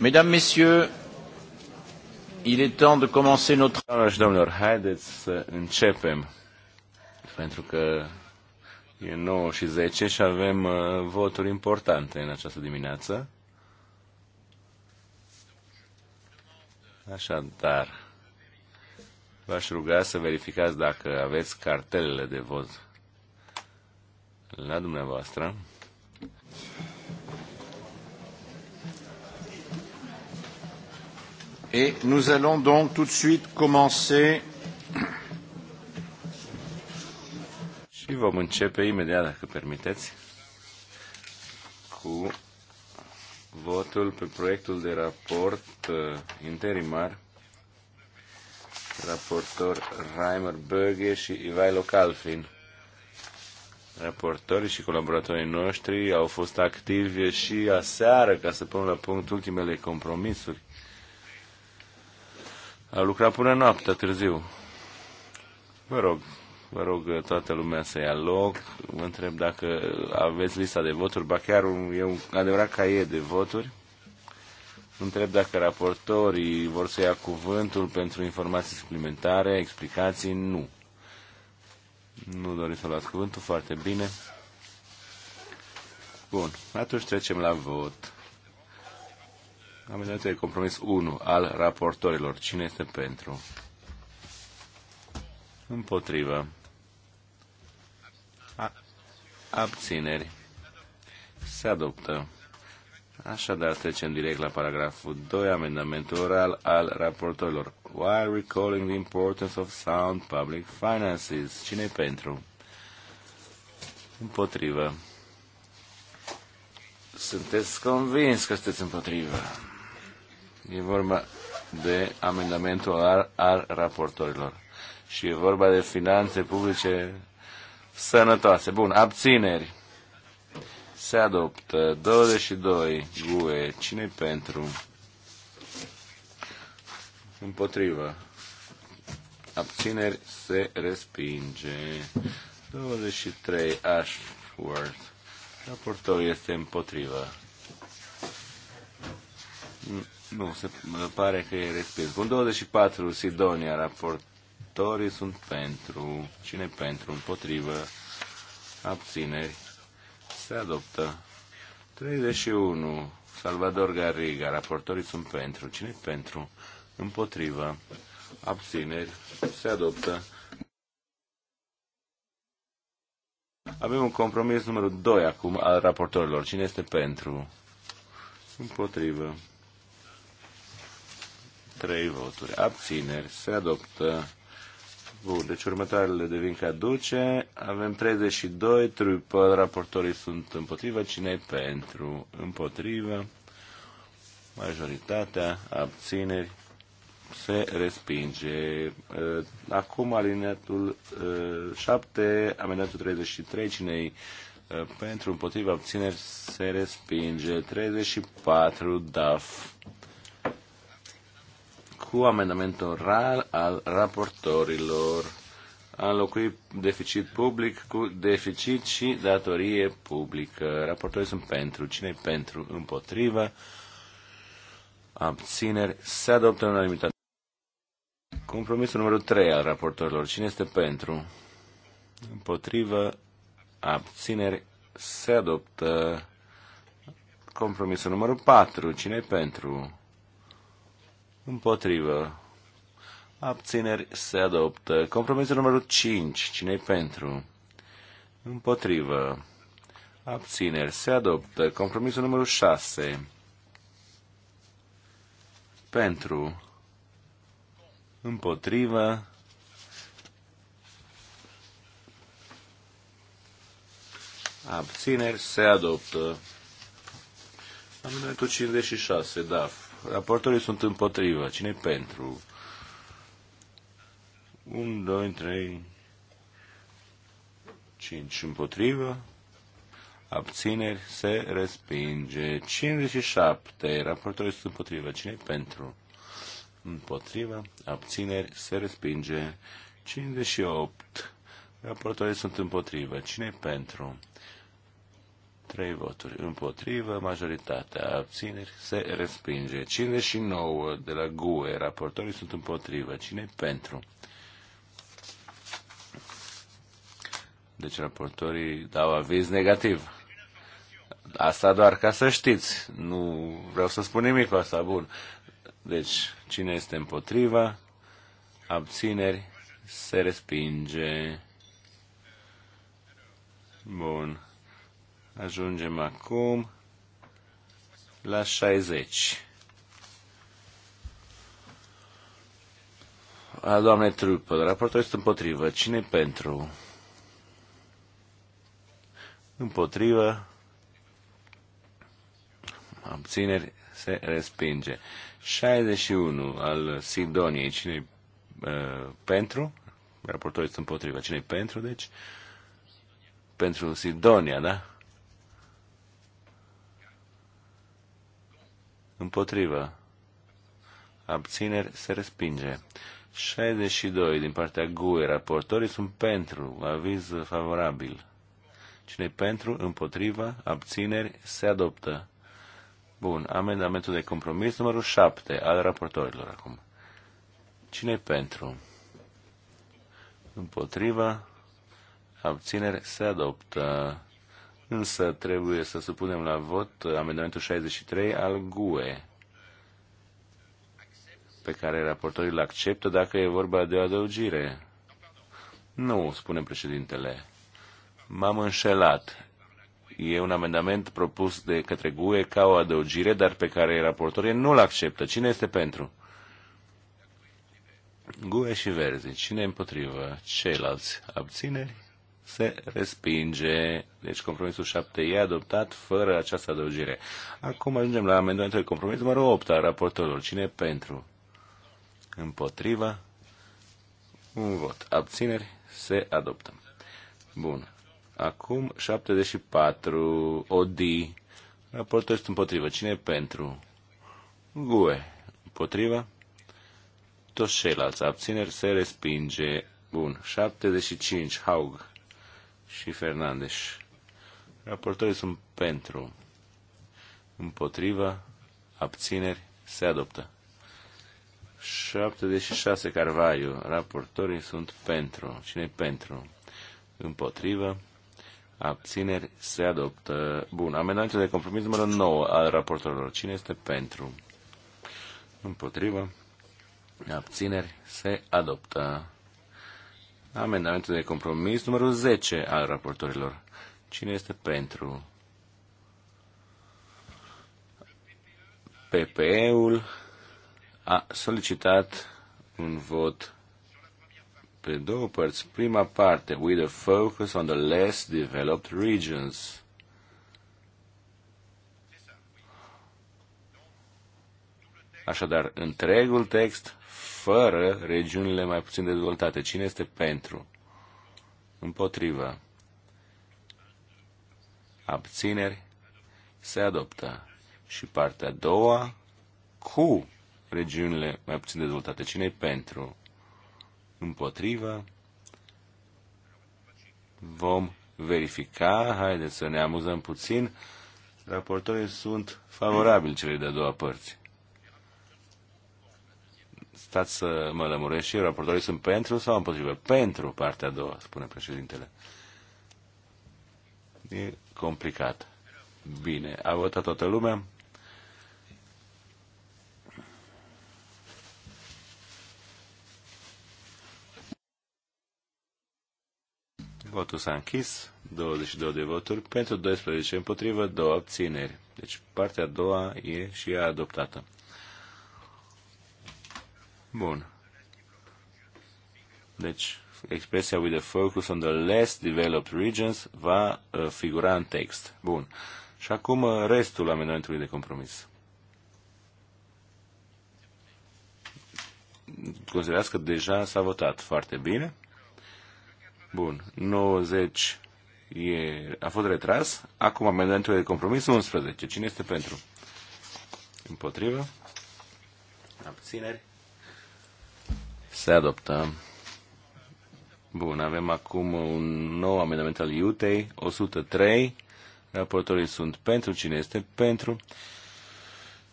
Mesdames, Messieurs, il est temps de commencer notre... Doamnelor și domnilor, haideți să începem, pentru că e 9 și 10 și avem uh, voturi importante în această dimineață. Așadar, v-aș ruga să verificați dacă aveți cartelele de vot la dumneavoastră. Et nous allons donc tout de suite commencer. Și vom începe imediat, dacă permiteți, cu votul pe proiectul de raport uh, interimar raportor Reimer Böge și Ivailo Calfin. Raportorii și colaboratorii noștri au fost activi și aseară ca să pun la punct ultimele compromisuri a lucrat până noaptea târziu. Vă rog, vă rog uh, toată lumea să ia loc. Vă întreb dacă aveți lista de voturi, ba chiar un, e un adevărat caiet de voturi. Întreb dacă raportorii vor să ia cuvântul pentru informații suplimentare, explicații, nu. Nu doriți să luați cuvântul, foarte bine. Bun, atunci trecem la vot. Amendamentul de compromis 1 al raportorilor. Cine este pentru? Împotrivă. A abțineri. Se adoptă. Așadar, trecem direct la paragraful 2, amendamentul oral al raportorilor. While recalling the importance of sound public finances. cine pentru? Împotrivă. Sunteți convins că sunteți împotrivă. E vorba de amendamentul al, al raportorilor. Și e vorba de finanțe publice sănătoase. Bun, abțineri. Se adoptă 22 GUE. cine pentru? Împotrivă. Abțineri se respinge. 23 Ashworth. Raportorul este împotrivă. Nu, se pare că e respins. Bun, 24, Sidonia, raportorii sunt pentru. Cine pentru? Împotrivă. Abțineri. Se adoptă. 31, Salvador Garriga, raportorii sunt pentru. Cine pentru? Împotrivă. Abțineri. Se adoptă. Avem un compromis numărul 2 acum al raportorilor. Cine este pentru? Împotrivă trei voturi. Abțineri. Se adoptă. Bun, deci următoarele devin caduce. Avem 32, trupă, raportorii sunt împotrivă, cine e pentru? Împotrivă. Majoritatea, abțineri, se respinge. Uh, acum alineatul 7, amendatul 33, cine e pentru, împotrivă, abțineri, se respinge. 34, DAF cu amendamentul oral al raportorilor. A înlocuit deficit public cu deficit și datorie publică. Raportorii sunt pentru. cine pentru? Împotrivă. Abțineri. Se adoptă în unanimitate. Compromisul numărul 3 al raportorilor. Cine este pentru? Împotrivă. Abțineri. Se adoptă. Compromisul numărul 4. Cine e pentru? Împotrivă. Abțineri se adoptă. Compromisul numărul 5. Cine-i pentru? Împotrivă. Abțineri se adoptă. Compromisul numărul 6. Pentru. Împotrivă. Abțineri se adoptă. Amendamentul 56, DAF. Raportorii sunt împotrivă. cine pentru? 1, 2, 3, 5 împotrivă. Abțineri se respinge. 57. Raportorii sunt împotrivă. cine pentru? Împotrivă. Abțineri se respinge. 58. Raportorii sunt împotrivă. cine pentru? trei voturi împotrivă, majoritatea abțineri se respinge. 59 de la GUE, raportorii sunt împotrivă. Cine pentru? Deci raportorii dau aviz negativ. Asta doar ca să știți. Nu vreau să spun nimic cu asta. Bun. Deci, cine este împotriva? Abțineri se respinge. Bun. Ajungem acum la 60. A doamne Trupă, raportul este împotrivă. cine pentru? Împotrivă. Abțineri se respinge. 61 al Sidoniei. cine uh, pentru? Raportul este împotrivă. cine pentru, deci? Pentru Sidonia, da? Împotrivă. Abțineri se respinge. 62 din partea GUE. Raportorii sunt pentru. Aviz favorabil. Cine pentru, împotriva, abțineri, se adoptă. Bun. Amendamentul de compromis numărul 7 al raportorilor acum. Cine pentru? Împotriva, abțineri, se adoptă. Însă trebuie să supunem la vot amendamentul 63 al GUE pe care raportorii îl acceptă dacă e vorba de o adăugire. Nu, spune președintele. M-am înșelat. E un amendament propus de către GUE ca o adăugire, dar pe care raportorii nu-l acceptă. Cine este pentru? GUE și Verzi. Cine împotrivă? Ceilalți abțineri? se respinge. Deci compromisul 7 e adoptat fără această adăugire. Acum ajungem la amendamentul de compromis numărul 8 al raportorilor. Cine pentru? Împotriva? Un vot. Abțineri? Se adoptă. Bun. Acum 74. Odi. Raportul este împotrivă. Cine pentru? Gue. Împotriva? Toți ceilalți abțineri se respinge. Bun. 75. Haug și Fernandes. Raportorii sunt pentru. Împotriva. Abțineri. Se adoptă. 76 Carvaiu. Raportorii sunt pentru. cine pentru? Împotrivă. Abțineri se adoptă. Bun. Amendamentul de compromis numărul 9 al raportorilor. Cine este pentru? Împotrivă. Abțineri se adoptă. Amendamentul de compromis numărul 10 al raportorilor. Cine este pentru? PPE-ul a solicitat un vot pe două părți. Prima parte, with a focus on the less developed regions. Așadar, întregul text fără regiunile mai puțin dezvoltate. Cine este pentru? Împotrivă. Abțineri. Se adoptă. Și partea a doua cu regiunile mai puțin dezvoltate. Cine e pentru? Împotrivă. Vom verifica. Haideți să ne amuzăm puțin. Raportorii sunt favorabili celei de-a doua părți stați să mă lămuresc și eu, raportorii sunt pentru sau împotrivă? Pentru partea a doua, spune președintele. E complicat. Bine, a votat toată lumea. Votul s-a închis, 22 de voturi pentru 12 împotrivă, 2 abțineri. Deci partea a doua e și ea adoptată. Bun. Deci, expresia with a focus on the less developed regions va uh, figura în text. Bun. Și acum uh, restul amendamentului de compromis. Considerați că deja s-a votat foarte bine. Bun. 90 e, a fost retras. Acum amendamentul de compromis 11. Cine este pentru? Împotrivă? Abțineri? Se adoptă. Bun, avem acum un nou amendament al Iutei, 103. Raportorii sunt pentru. Cine este pentru?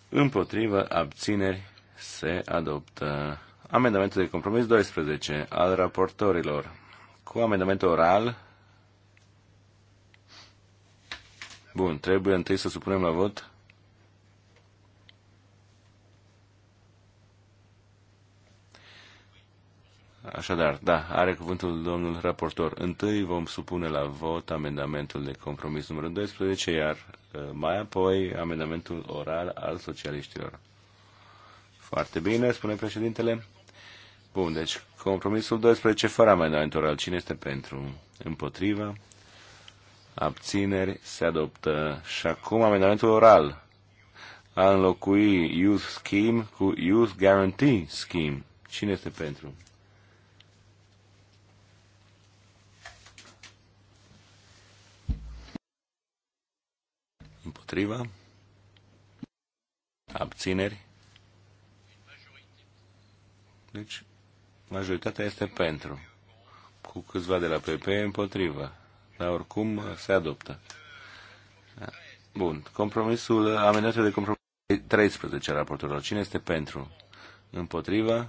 Împotrivă, abțineri, se adoptă. Amendamentul de compromis 12 al raportorilor cu amendament oral. Bun, trebuie întâi să supunem la vot Așadar, da, are cuvântul domnul raportor. Întâi vom supune la vot amendamentul de compromis numărul 12, iar uh, mai apoi amendamentul oral al socialiștilor. Foarte bine, spune președintele. Bun, deci compromisul 12 fără amendament oral. Cine este pentru? Împotrivă? Abțineri? Se adoptă. Și acum amendamentul oral. A înlocui Youth Scheme cu Youth Guarantee Scheme. Cine este pentru? Împotriva. Abțineri. Deci, majoritatea este pentru. Cu câțiva de la PP împotriva. Dar oricum se adoptă. Bun. Compromisul, amendatul de compromis 13 a raporturilor. Cine este pentru? Împotriva?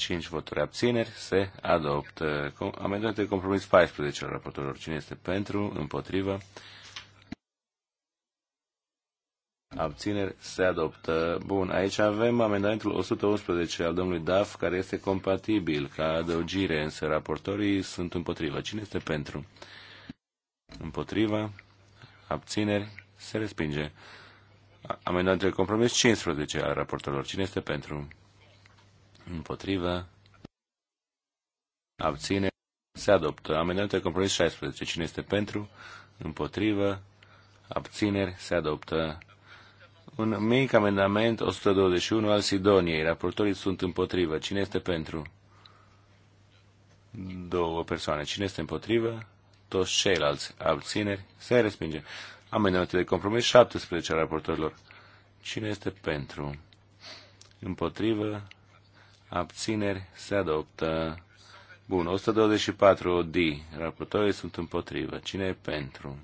5 voturi abțineri, se adoptă. Amendamentul de compromis 14 al raportorilor. Cine este pentru, împotrivă? Abțineri se adoptă. Bun, aici avem amendamentul 111 al domnului Daf, care este compatibil ca adăugire, însă raportorii sunt împotrivă. Cine este pentru? Împotrivă? Abțineri? Se respinge. Amendamentul de compromis 15 al raportorilor. Cine este pentru? împotrivă, abține, se adoptă. Amendamentul de compromis 16. Cine este pentru, împotrivă, abțineri, se adoptă. Un mic amendament 121 al Sidoniei. Raportorii sunt împotrivă. Cine este pentru? Două persoane. Cine este împotrivă? Toți ceilalți abțineri se respinge. Amendamentul de compromis 17 al raportorilor. Cine este pentru? Împotrivă, abțineri, se adoptă. Bun, 124 d. Raportorii sunt împotrivă. Cine e pentru?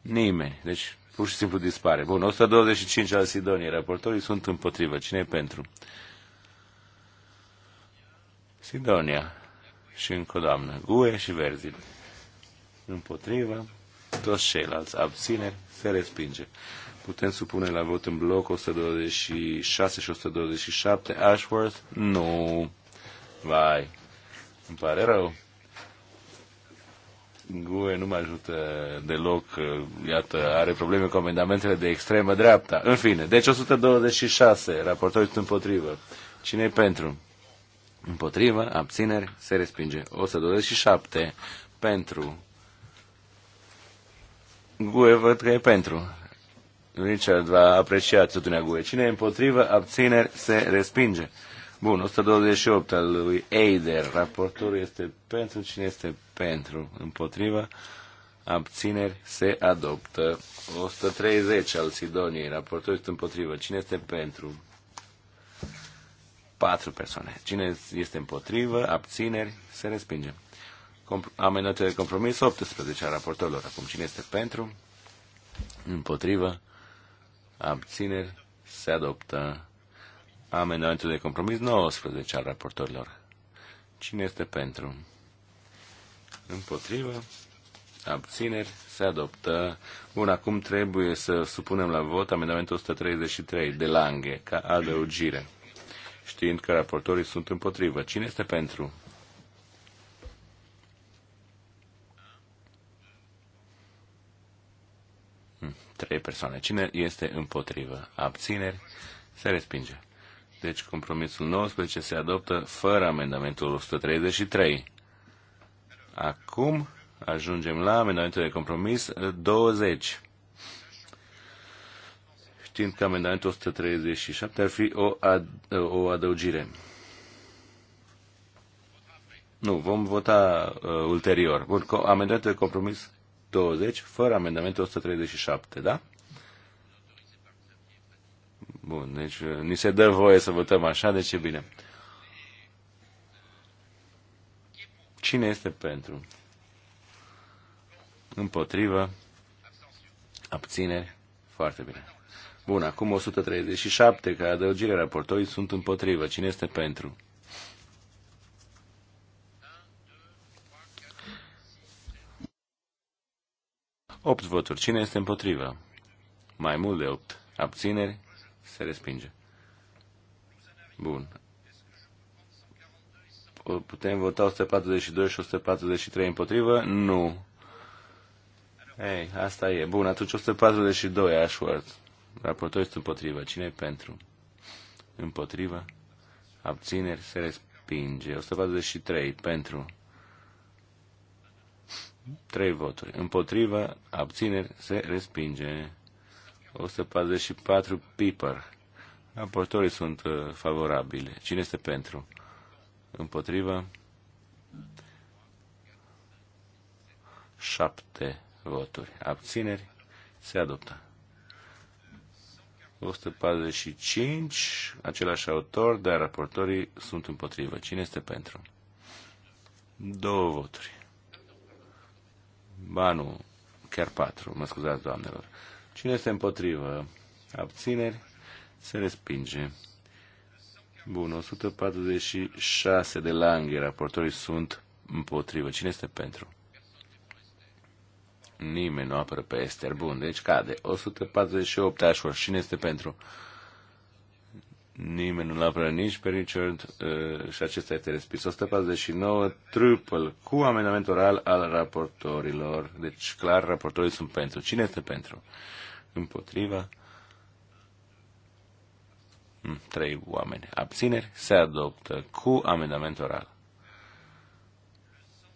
Nimeni. Deci pur și simplu dispare. Bun, 125 al Sidoniei. Raportorii sunt împotrivă. Cine e pentru? Sidonia. Și încă o doamnă. Gue și verzile. Împotrivă. Toți ceilalți abțineri se respinge. Putem supune la vot în bloc 126 și 127. Ashworth? Nu. Vai. Îmi pare rău. GUE nu mă ajută deloc, iată, are probleme cu amendamentele de extremă dreapta. În fine, deci 126, raportorii sunt împotrivă. cine e pentru? Împotrivă, abțineri, se respinge. 127, pentru. GUE văd că e pentru. Richard va aprecia atitudinea GUE. Cine e împotrivă, abțineri, se respinge. Bun, 128 al lui Eider. Raportorul este pentru, cine este pentru, împotriva, abțineri, se adoptă. 130 al Sidoniei. Raportorul este împotrivă. Cine este pentru? Patru persoane. Cine este împotrivă, abțineri, se respinge. Comp- de compromis 18 al raportorilor. Acum, cine este pentru? Împotrivă, abțineri, se adoptă amendamentul de compromis 19 al raportorilor. Cine este pentru? Împotrivă, abțineri, se adoptă. Bun, acum trebuie să supunem la vot amendamentul 133 de Lange, ca adăugire, știind că raportorii sunt împotrivă. Cine este pentru? Trei persoane. Cine este împotrivă? Abțineri? Se respinge. Deci compromisul 19 se adoptă fără amendamentul 133. Acum ajungem la amendamentul de compromis 20. Știind că amendamentul 137 ar fi o, ad- o adăugire. Nu, vom vota uh, ulterior. Bun, amendamentul de compromis 20, fără amendamentul 137, da? Bun, deci uh, ni se dă voie să votăm așa, deci e bine. Cine este pentru? Împotrivă? Abțineri? Foarte bine. Bun, acum 137, ca adăugire raportorii, sunt împotrivă. Cine este pentru? 8 voturi. Cine este împotrivă? Mai mult de 8. Abțineri? Se respinge. Bun. Putem vota 142 și 143 împotrivă? Nu. Ei, asta e. Bun, atunci 142, Ashworth. Raportul este împotrivă. Cine e pentru? Împotrivă? Abțineri? Se respinge. 143, pentru. Trei voturi. Împotriva, abțineri, se respinge. 144 Piper. Raportorii sunt uh, favorabile. Cine este pentru? Împotriva? 7 voturi. Abțineri? Se adoptă. 145, același autor, dar raportorii sunt împotrivă. Cine este pentru? Două voturi. Ba nu, chiar patru, mă scuzați, doamnelor. Cine este împotrivă? Abțineri? Se respinge. Bun, 146 de langhe, raportorii sunt împotrivă. Cine este pentru? Nimeni nu apără pe Ester. Bun, deci cade. 148 așor. Cine este pentru? Nimeni nu-l apără nici pe Richard uh, și acesta este respins. 149, triple, cu amendament oral al raportorilor. Deci, clar, raportorii sunt pentru. Cine este pentru? Împotriva? Mm, trei oameni. Abțineri? Se adoptă cu amendament oral.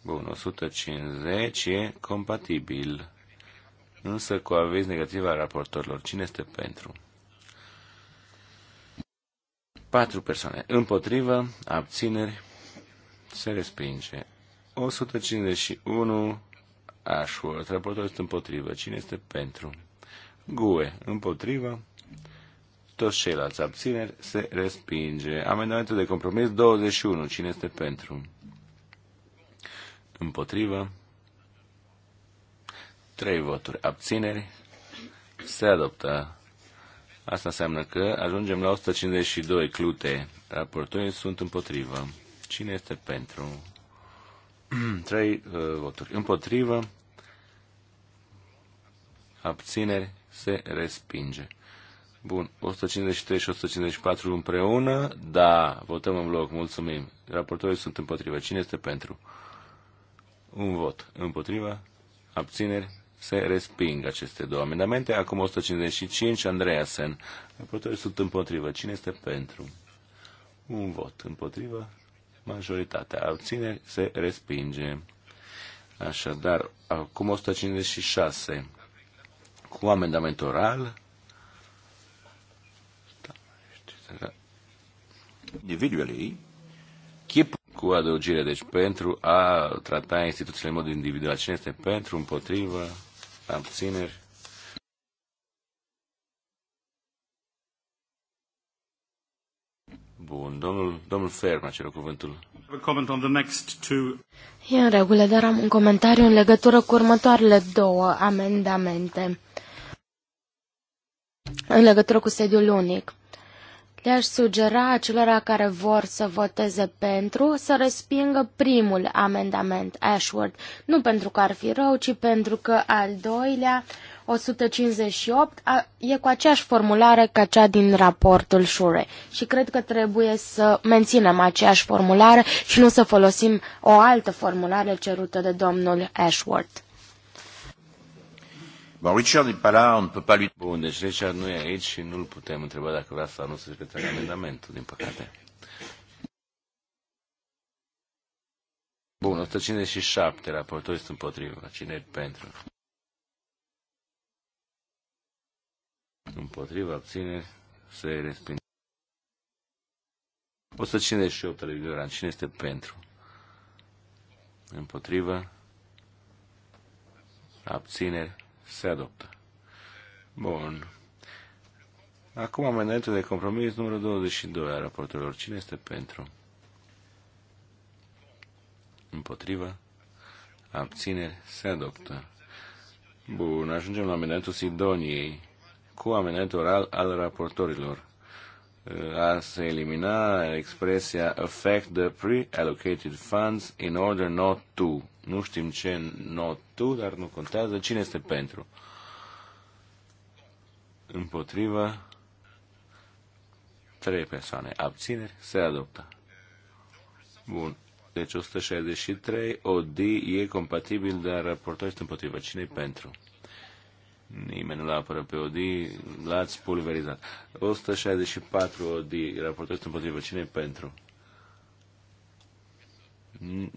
Bun, 150 e compatibil, însă cu aviz negativ al raportorilor. Cine este pentru? 4 persoane împotrivă, abțineri, se respinge. 151 Ashworth, raportul este împotrivă. Cine este pentru? GUE, împotrivă. Toți ceilalți abțineri se respinge. Amendamentul de compromis 21. Cine este pentru? Împotrivă. 3 voturi abțineri. Se adoptă Asta înseamnă că ajungem la 152 clute. Raportorii sunt împotrivă. Cine este pentru? Trei uh, voturi. Împotrivă. Abțineri. Se respinge. Bun. 153 și 154 împreună. Da. Votăm în bloc. Mulțumim. Raportorii sunt împotrivă. Cine este pentru? Un vot. Împotrivă. Abțineri se resping aceste două amendamente. Acum 155, Andreasen. Raportorii sunt împotrivă. Cine este pentru? Un vot împotrivă. Majoritatea abține, se respinge. Așadar, acum 156. Cu amendament oral. Individually, cu adăugire, deci pentru a trata instituțiile în mod individual. Cine este pentru, împotrivă, abțineri, Bun, domnul, domnul Ferm a cerut cuvântul. E în regulă, dar am un comentariu în legătură cu următoarele două amendamente. În legătură cu sediul unic. Le-aș sugera acelora care vor să voteze pentru să respingă primul amendament, Ashworth, nu pentru că ar fi rău, ci pentru că al doilea, 158, a, e cu aceeași formulare ca cea din raportul Shure. Și cred că trebuie să menținem aceeași formulare și nu să folosim o altă formulare cerută de domnul Ashworth. Bon, Richard n'est pas là, on ne peut pas lui... Bun, deci Richard nu e aici și nu-l putem întreba dacă vrea sau nu să-și retragă amendamentul, din păcate. Bun, 157, raportorii sunt împotriva. Cine e pentru? Împotriva, abține, se respinge. 158 lui Ioran, cine este pentru? Împotriva, abțineri, se adoptă. Bun. Acum amendamentul de compromis numărul 22 a raportelor. Cine este pentru? Împotrivă? Abțineri? Se adoptă. Bun, ajungem la amendamentul Sidoniei cu amendamentul oral al raportorilor a se elimina expresia affect the pre-allocated funds in order not to. Nu știm ce not to, dar nu contează cine este pentru. Împotriva trei persoane. Abțineri se adoptă. Bun. Deci 163 OD e compatibil, dar raportul este împotriva. Cine e pentru? Nimeni nu l apără pe Odi, l-ați pulverizat. 164 Odi, raportați este Cine pentru?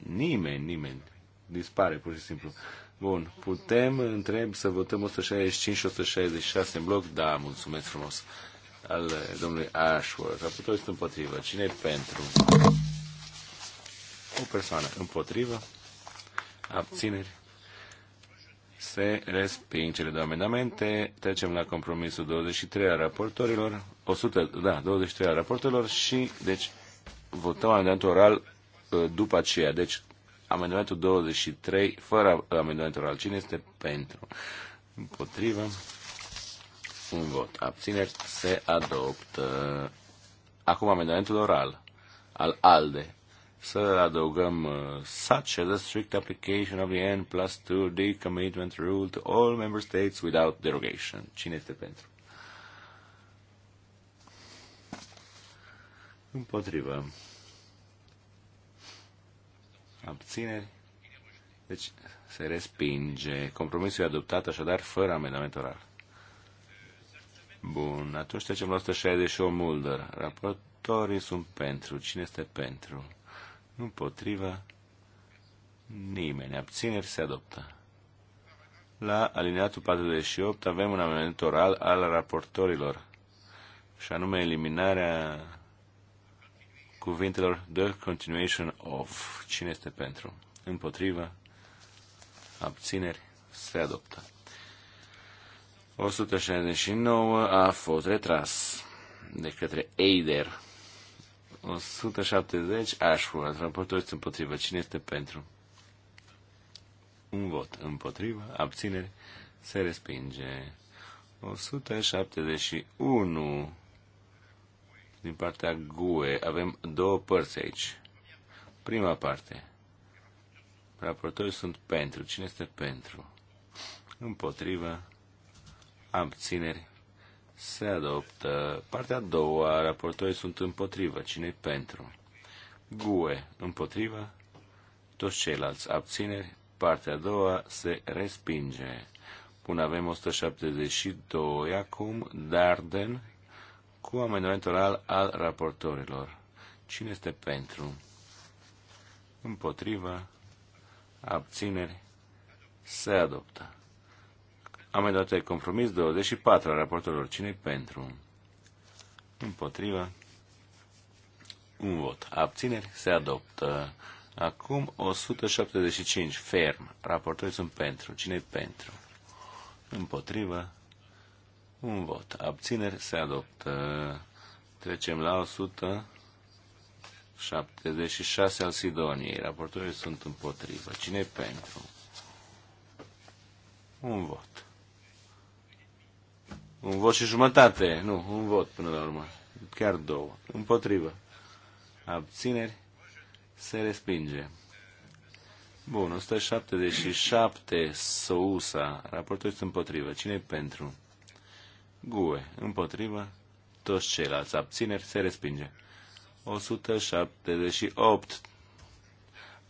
Nimeni, nimeni. Dispare, pur și simplu. Bun, putem, întreb, să votăm 165 și 166 în bloc? Da, mulțumesc frumos. Al domnului Ashworth. Raportul este împotrivă. Cine pentru? O persoană împotrivă. Abțineri. Se resping cele două amendamente. Trecem la compromisul 23 al raportorilor. 100, da, 23 al raportorilor și, deci, votăm amendamentul oral uh, după aceea. Deci, amendamentul 23 fără uh, amendamentul oral. Cine este pentru? Împotrivă. Un vot. Abțineri. Se adoptă. Acum amendamentul oral al ALDE să adăugăm uh, such as a strict application of the N plus 2 commitment rule to all member states without derogation. Cine este pentru? Împotrivă. Abțineri. Deci se respinge. Compromisul e adoptat așadar fără amendament oral. Bun, atunci trecem la 168 Mulder. Raportorii sunt pentru. Cine este pentru? împotriva, nimeni. Abțineri se adoptă. La alineatul 48 avem un amendament oral al raportorilor, și anume eliminarea cuvintelor the continuation of. Cine este pentru? Împotriva, abțineri se adoptă. 169 a fost retras de către Eider. 170, Ashworth. Raportul este împotrivă. Cine este pentru? Un vot împotrivă, abținere, se respinge. 171 din partea GUE. Avem două părți aici. Prima parte. Raportorii sunt pentru. Cine este pentru? Împotrivă. Abțineri se adoptă. Partea a doua, raportorii sunt împotrivă. cine pentru? GUE împotrivă, toți ceilalți abțineri. Partea a doua se respinge. Până avem 172 acum, Darden, cu amendamentul oral al raportorilor. Cine este pentru? Împotrivă, abțineri, se adoptă. Amendate compromis 24 al raportorilor. cine pentru? Împotriva. Un vot. Abțineri se adoptă. Acum 175. Ferm. Raportorii sunt pentru. cine pentru? Împotriva. Un vot. Abțineri se adoptă. Trecem la 176 al Sidoniei. Raportorii sunt împotrivă. cine pentru? Un vot. Un vot și jumătate. Nu, un vot până la urmă. Chiar două. Împotrivă. Abțineri. Se respinge. Bun, 177 Sousa. Raportul este împotrivă. cine pentru? GUE. Împotrivă. Toți ceilalți abțineri se respinge. 178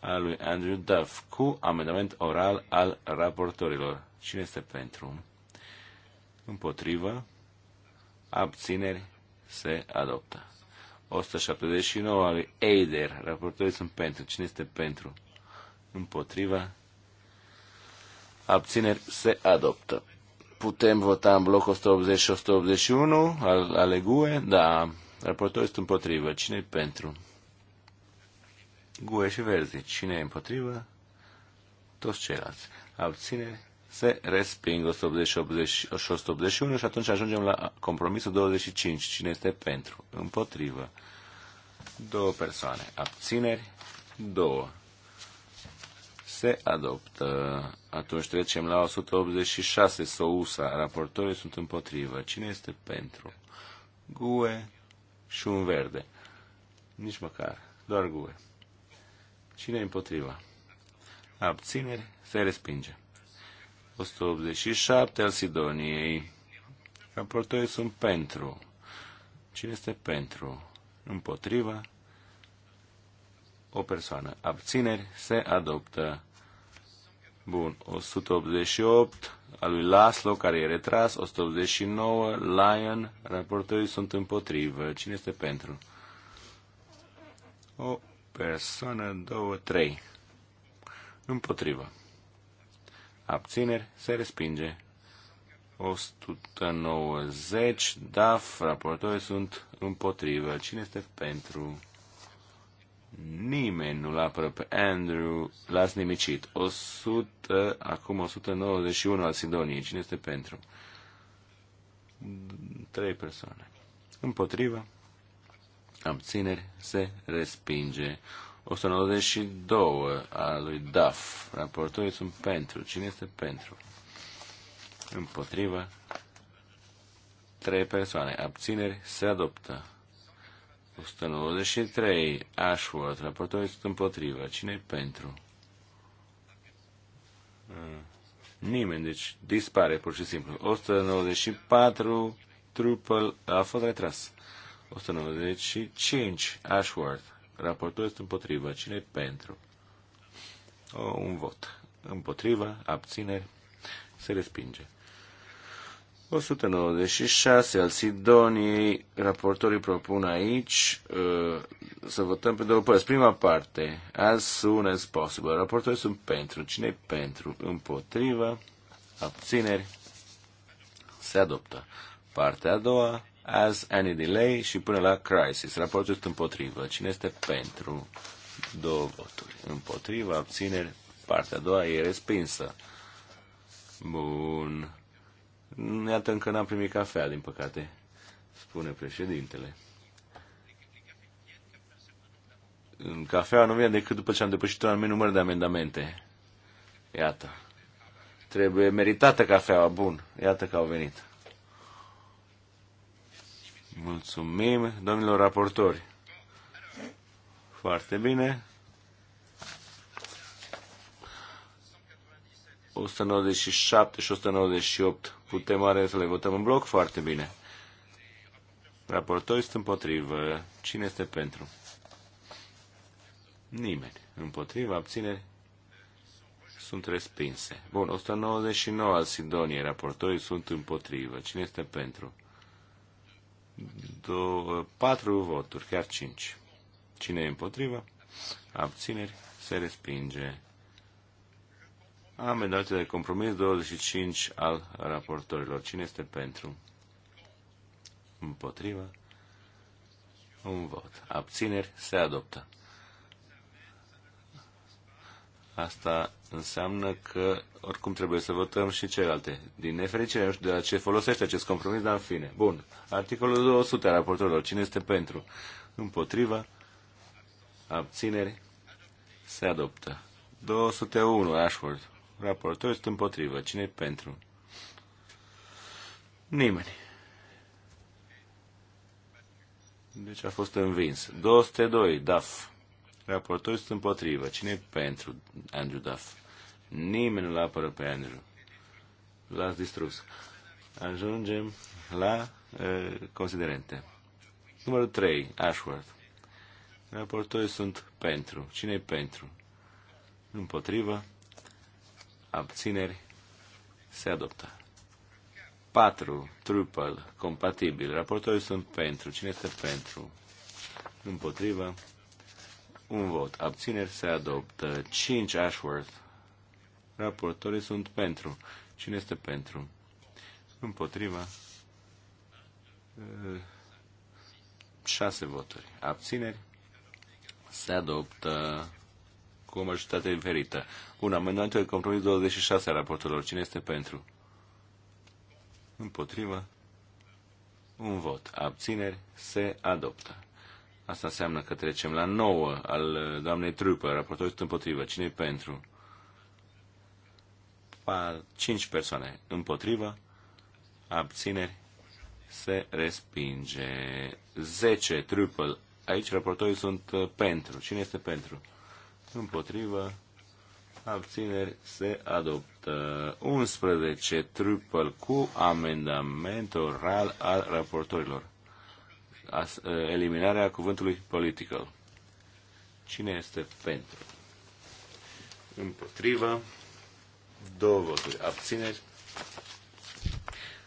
a lui Andrew Duff cu amendament oral al raportorilor. Cine este pentru? Împotrivă. abțineri, se adoptă. 179 al lui Eider, raportorii sunt pentru. Cine este pentru? Împotrivă. abțineri, se adoptă. Putem vota în bloc 180 și 181 al, alegue? Da. Raportorii sunt împotrivă. cine e pentru? GUE și Verzi. Cine e împotrivă? Toți ceilalți. Abțineri se resping 181 și atunci ajungem la compromisul 25. Cine este pentru? Împotrivă. Două persoane. Abțineri? Două. Se adoptă. Atunci trecem la 186. Sousa. Raportorii sunt împotrivă. Cine este pentru? Gue și un verde. Nici măcar. Doar gue. Cine e împotriva? Abțineri? Se respinge. 187 al Sidoniei. Raportorii sunt pentru. Cine este pentru? Împotriva? O persoană. Abțineri? Se adoptă. Bun. 188 al lui Laslo, care e retras. 189, Lion. Raportorii sunt împotrivă. Cine este pentru? O persoană, două, trei. Împotrivă abțineri, se respinge. 190, DAF, raportorii sunt împotrivă. Cine este pentru? Nimeni nu-l apără pe Andrew, l-ați nimicit. 100, acum 191 al Sidoniei. Cine este pentru? Trei persoane. Împotrivă, abțineri, se respinge. 192 a lui Duff. Raportorii sunt pentru. Cine este pentru? Împotrivă. Trei persoane. Abțineri. Se adoptă. 193. Ashworth. Raportorii sunt împotrivă. Cine pentru? Mm. Nimeni. Deci dispare pur și simplu. 194. Trupel a fost retras. 195. Ashworth Raportul este împotrivă. cine pentru? O, un vot. Împotrivă, abțineri, se respinge. 196 al Sidoniei, raportorii propun aici uh, să votăm pe două părți. Prima parte, as soon as possible. Raportorii sunt pentru. cine pentru? Împotrivă, abțineri, se adoptă. Partea a doua, As Any Delay și până la Crisis. Raportul este împotrivă. Cine este pentru? Două voturi. Împotrivă, abțineri, partea a doua e respinsă. Bun. Iată, încă n-am primit cafea, din păcate, spune președintele. În cafea nu vine decât după ce am depășit un anumit număr de amendamente. Iată. Trebuie meritată cafeaua. Bun. Iată că au venit. Mulțumim, domnilor raportori. Foarte bine. 197 și 198 putem are să le votăm în bloc? Foarte bine. Raportorii sunt împotrivă. Cine este pentru? Nimeni. Împotrivă, abțineri? Sunt respinse. Bun, 199 al Sidoniei. Raportorii sunt împotrivă. Cine este pentru? două, patru voturi, chiar cinci. Cine e împotrivă? Abțineri se respinge. Amendate de compromis 25 al raportorilor. Cine este pentru? Împotrivă? Un vot. Abțineri se adoptă. Asta înseamnă că oricum trebuie să votăm și celelalte. Din nefericire, nu știu de la ce folosește acest compromis, dar în fine. Bun. Articolul 200 al raportorilor. Cine este pentru? Împotriva? Abțineri? Se adoptă. 201, Ashford. Raportor este împotrivă. Cine e pentru? Nimeni. Deci a fost învins. 202, Duff. Raportori sunt împotrivă. Cine pentru Andrew Duff? Nimeni nu-l apără pe Andrew. L-ați distrus. Ajungem la uh, considerente. Numărul 3, Ashworth. Raportorii sunt pentru. Cine e pentru? Împotrivă. Abțineri. Se adoptă. 4. Triple. Compatibil. Raportorii sunt pentru. Cine este pentru? Împotrivă. Un vot. Abțineri se adoptă. 5 Ashworth. Raportorii sunt pentru. Cine este pentru? Împotriva. 6 uh, voturi. Abțineri se adoptă cu o majoritate diferită. Un amendament de compromis 26 a raportorilor Cine este pentru? Împotriva. Un vot. Abțineri se adoptă. Asta înseamnă că trecem la nouă al doamnei Trupă, raportorul împotrivă. cine pentru? Pa cinci persoane împotrivă, abțineri, se respinge. 10 triple. Aici raportorii sunt uh, pentru. Cine este pentru? Împotrivă. Abțineri se adoptă 11 triple cu amendament oral al raportorilor. Uh, eliminarea cuvântului political. Cine este pentru? Împotrivă. Două voturi. Abțineri.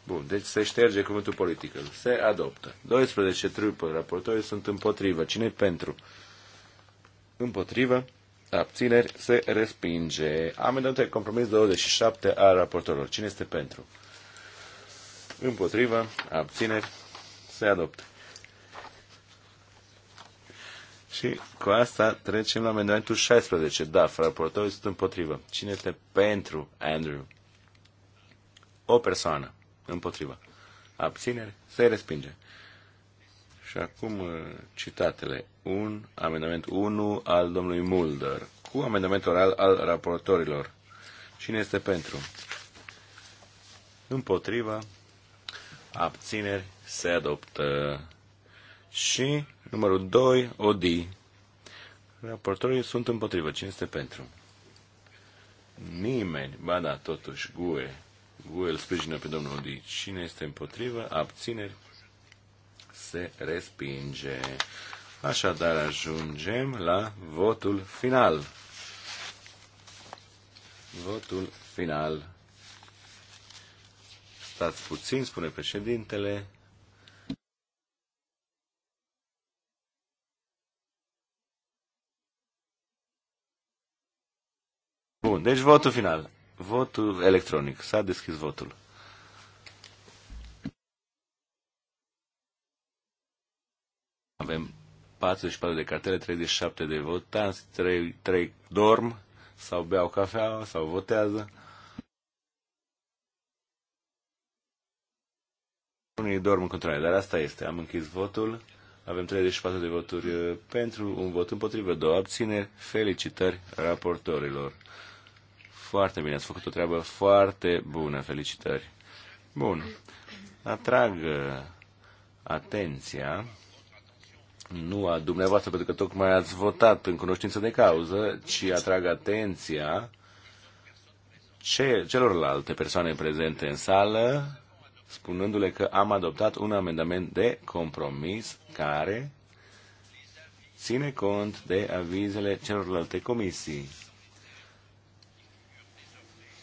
Bun, deci se șterge cuvântul political. Se adoptă. 12 trupă raportori sunt împotrivă. cine pentru? Împotrivă. Abțineri se respinge. Amendamente de compromis 27 a raportorilor. Cine este pentru? Împotrivă. Abțineri se adoptă. Și cu asta trecem la amendamentul 16. Da, raportorul sunt împotrivă. Cine este pentru Andrew? O persoană împotrivă. Abținere? Se respinge. Și acum uh, citatele. Un amendament 1 al domnului Mulder cu amendament oral al raportorilor. Cine este pentru? Împotriva. Abțineri. Se adoptă și numărul 2, ODI. Raportorii sunt împotrivă. Cine este pentru? Nimeni. Ba da, totuși, GUE. GUE îl sprijină pe domnul ODI. Cine este împotrivă? Abțineri. Se respinge. Așadar, ajungem la votul final. Votul final. Stați puțin, spune președintele. Bun, deci votul final. Votul electronic. S-a deschis votul. Avem 44 de cartele, 37 de votanți, 3, 3 dorm sau beau cafea sau votează. Unii dorm în continuare, dar asta este. Am închis votul. Avem 34 de voturi eh, pentru, un vot împotrivă, două abțineri. Felicitări raportorilor foarte bine, ați făcut o treabă foarte bună, felicitări. Bun. Atrag uh, atenția, nu a dumneavoastră, pentru că tocmai ați votat în cunoștință de cauză, ci atrag atenția celorlalte persoane prezente în sală, spunându-le că am adoptat un amendament de compromis care ține cont de avizele celorlalte comisii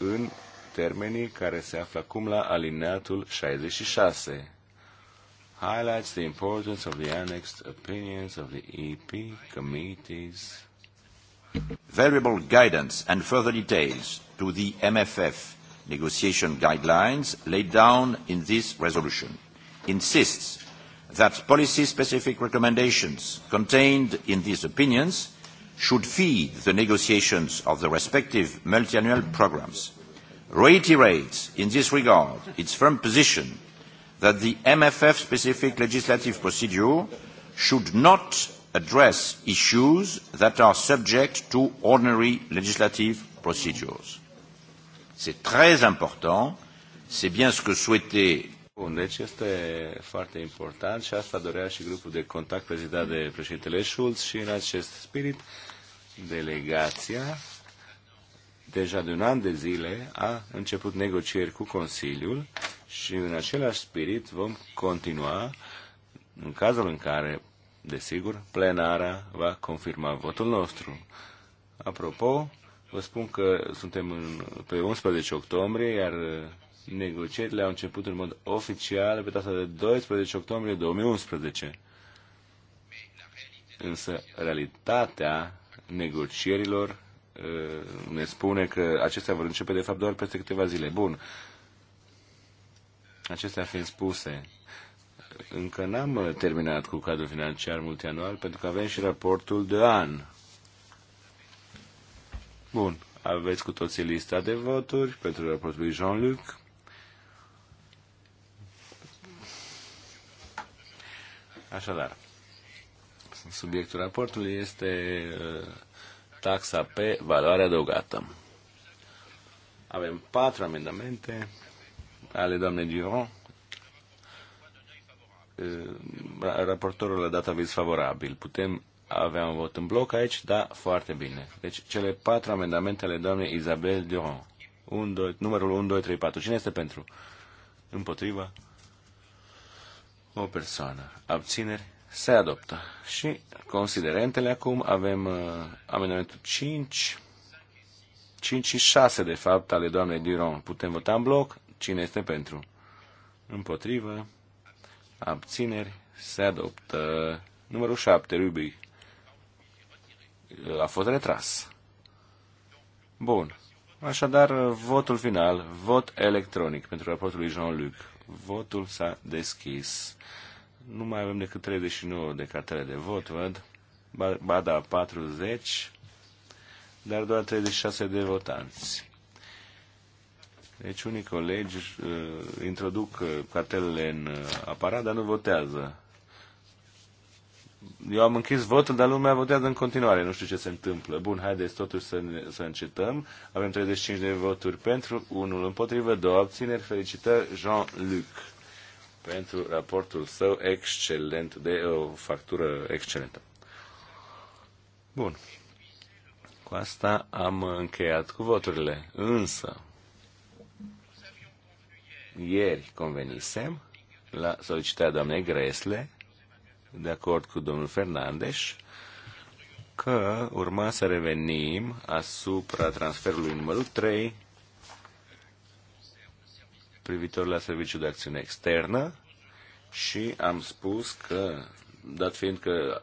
în termenii care se află acum la alineatul 66. Highlights the importance of the annexed opinions of the EP committees. variable guidance and further details to the MFF negotiation guidelines laid down in this resolution insists that policy-specific recommendations contained in these opinions should feed the negotiations of the respective multiannual programs reiterates in this regard its firm position that the MFF-specific legislative procedure should not address issues that are subject to ordinary legislative procedures. C'est très important, c'est bien ce que souhaitait Bun, deci este foarte important și asta dorea și grupul de contact prezidat de președintele Schulz și în acest spirit delegația deja de un an de zile a început negocieri cu Consiliul și în același spirit vom continua în cazul în care, desigur, plenara va confirma votul nostru. Apropo, vă spun că suntem în, pe 11 octombrie, iar negocierile au început în mod oficial pe data de 12 octombrie 2011. Însă realitatea negocierilor Uh, ne spune că acestea vor începe de fapt doar peste câteva zile. Bun. Acestea fiind spuse, încă n-am uh, terminat cu cadrul financiar multianual pentru că avem și raportul de an. Bun. Aveți cu toții lista de voturi pentru raportul lui Jean-Luc. Așadar, subiectul raportului este uh, taxa pe valoare adăugată. Avem patru amendamente ale doamnei Giron. Raportorul a dat aviz favorabil. Putem avea un vot în bloc aici? Da, foarte bine. Deci cele patru amendamente ale doamnei Isabel Giron 1, doi numărul 1, 2, 3, 4. Cine este pentru? Împotriva? O persoană. Abțineri? Se adoptă. Și considerentele acum avem uh, amendamentul 5, 5 și 6, de fapt, ale doamnei Duron. Putem vota în bloc. Cine este pentru? Împotrivă. Abțineri. Se adoptă. Numărul 7, Rubic. A fost retras. Bun. Așadar, uh, votul final, vot electronic pentru raportul lui Jean-Luc. Votul s-a deschis. Nu mai avem decât 39 de cartele de vot, văd. Ba da, 40, dar doar 36 de votanți. Deci unii colegi uh, introduc uh, cartelele în uh, aparat, dar nu votează. Eu am închis votul, dar lumea votează în continuare. Nu știu ce se întâmplă. Bun, haideți totuși să, ne, să încetăm. Avem 35 de voturi pentru, unul împotrivă, două abțineri. Felicitări, Jean-Luc pentru raportul său excelent, de o factură excelentă. Bun. Cu asta am încheiat cu voturile. Însă, ieri convenisem la solicitarea doamnei Gresle, de acord cu domnul Fernandes, că urma să revenim asupra transferului numărul 3 privitor la serviciul de acțiune externă și am spus că, dat fiind că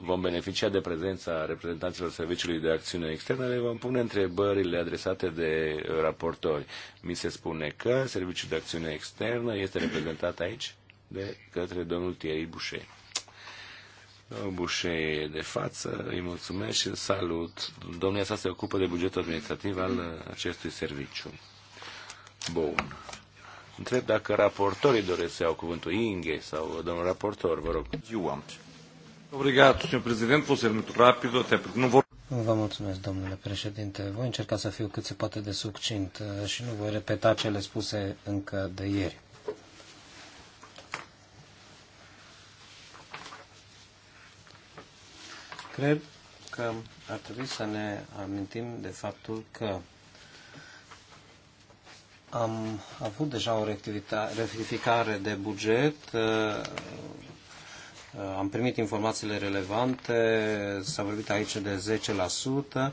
vom beneficia de prezența reprezentanților Serviciului de Acțiune Externă, le vom pune întrebările adresate de raportori. Mi se spune că Serviciul de Acțiune Externă este reprezentat aici de către domnul Thierry Boucher. Domnul Boucher de față, îi mulțumesc și salut. Domnia sa se ocupă de bugetul administrativ al acestui serviciu. Bun. Întreb dacă raportorii doresc să iau cuvântul. Inge sau domnul raportor, vă rog. Ziua. Obrigat, domnul prezident, vă să rapid, nu vor... Vă mulțumesc, domnule președinte. Voi încerca să fiu cât se poate de succint uh, și nu voi repeta cele spuse încă de ieri. Cred că ar trebui să ne amintim de faptul că am avut deja o rectificare de buget, uh, uh, am primit informațiile relevante, s-a vorbit aici de 10%,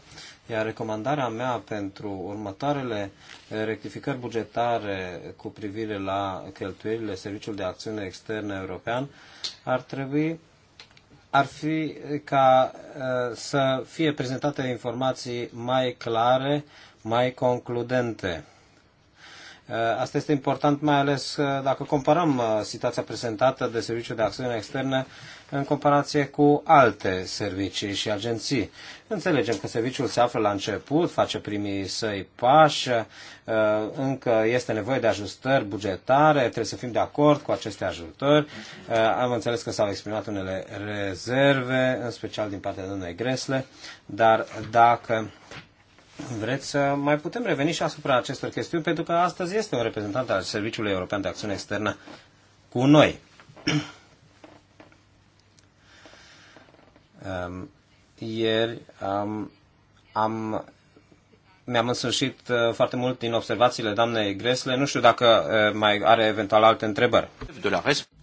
iar recomandarea mea pentru următoarele uh, rectificări bugetare cu privire la cheltuielile Serviciului de Acțiune Externă European ar trebui ar fi ca să fie prezentate informații mai clare, mai concludente. Uh, asta este important mai ales uh, dacă comparăm uh, situația prezentată de Serviciul de Acțiune Externă în comparație cu alte servicii și agenții. Înțelegem că serviciul se află la început, face primii săi pași, încă este nevoie de ajustări bugetare, trebuie să fim de acord cu aceste ajutări. Am înțeles că s-au exprimat unele rezerve, în special din partea domnului Gresle, dar dacă vreți să mai putem reveni și asupra acestor chestiuni, pentru că astăzi este un reprezentant al Serviciului European de Acțiune Externă cu noi. Ieri am, am mi-am însușit uh, foarte mult din observațiile doamnei Gresle. Nu știu dacă uh, mai are eventual alte întrebări.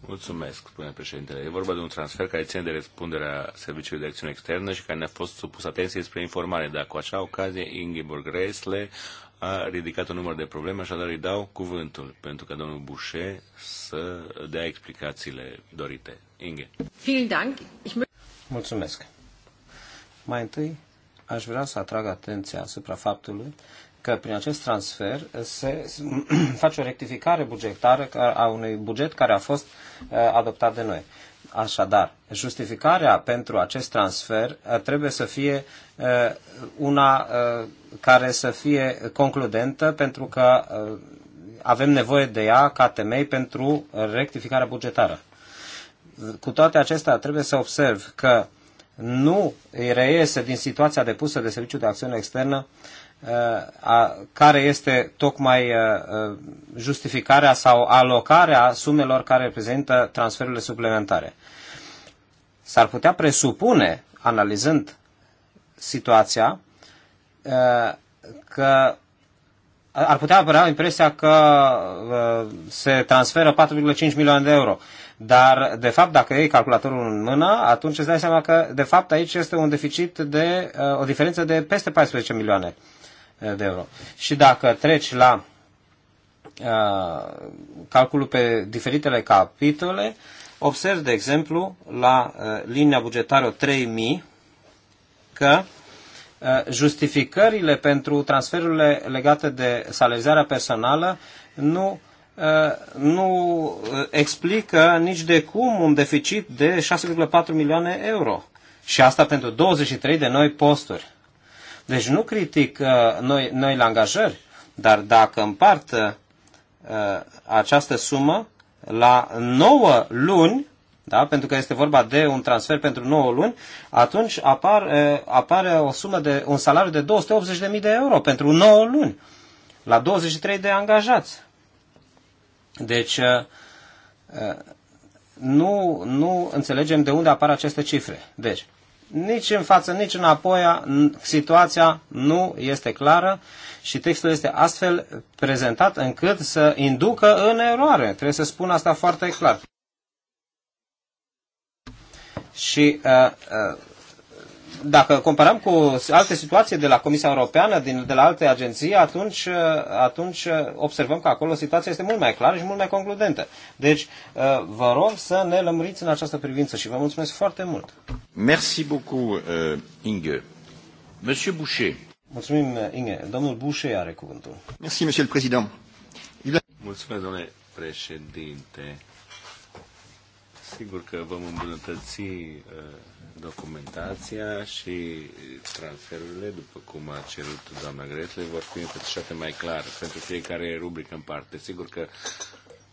Mulțumesc, spune președintele. E vorba de un transfer care ține de răspunderea Serviciului de Acțiune Externă și care ne-a fost supus atenție spre informare. Dar cu acea ocazie, Ingeborg Gresle a ridicat un număr de probleme, așadar îi dau cuvântul pentru că domnul Bușe să dea explicațiile dorite. Inge. Mulțumesc. Mai întâi aș vrea să atrag atenția asupra faptului că prin acest transfer se face o rectificare bugetară a unui buget care a fost uh, adoptat de noi. Așadar, justificarea pentru acest transfer uh, trebuie să fie uh, una care să fie concludentă pentru că avem nevoie de ea ca temei pentru rectificarea bugetară. Cu toate acestea, trebuie să observ că uh, nu reiese din situația depusă de Serviciul de Acțiune Externă, uh, a, care este tocmai uh, uh, justificarea sau alocarea sumelor care reprezintă transferurile suplimentare. S-ar putea presupune, analizând situația, că ar putea apărea impresia că se transferă 4,5 milioane de euro. Dar, de fapt, dacă iei calculatorul în mână, atunci îți dai seama că, de fapt, aici este un deficit de, uh, o diferență de peste 14 milioane uh, de euro. Și dacă treci la uh, calculul pe diferitele capitole, observ, de exemplu, la linia bugetară 3000, că justificările pentru transferurile legate de salarizarea personală nu Uh, nu uh, explică nici de cum un deficit de 6,4 milioane euro. Și asta pentru 23 de noi posturi. Deci nu critic uh, noi, noi la angajări, dar dacă împart această sumă la 9 luni, da? pentru că este vorba de un transfer pentru 9 luni, atunci apar, apare o sumă de, un salariu de 280.000 de euro pentru 9 luni, la 23 de angajați. Deci, uh, uh, nu, nu înțelegem de unde apar aceste cifre. Deci, nici în față, nici înapoi, situația nu este clară și textul este astfel prezentat încât să inducă în eroare. Trebuie să spun asta foarte clar. Și uh, uh, dacă comparăm cu alte situații de la Comisia Europeană, din, de la alte agenții, atunci, atunci observăm că acolo situația este mult mai clară și mult mai concludentă. Deci, uh, vă rog să ne lămuriți în această privință și vă mulțumesc foarte mult. Merci beaucoup, uh, Inge. Monsieur Boucher. Mulțumim, Inge. Domnul Boucher are cuvântul. Merci, monsieur le président. Mulțumesc, domnule președinte. Sigur că vom îmbunătăți uh, documentația și transferurile, după cum a cerut doamna Gretle, vor fi înfățișate mai clar pentru fiecare rubrică în parte. Sigur că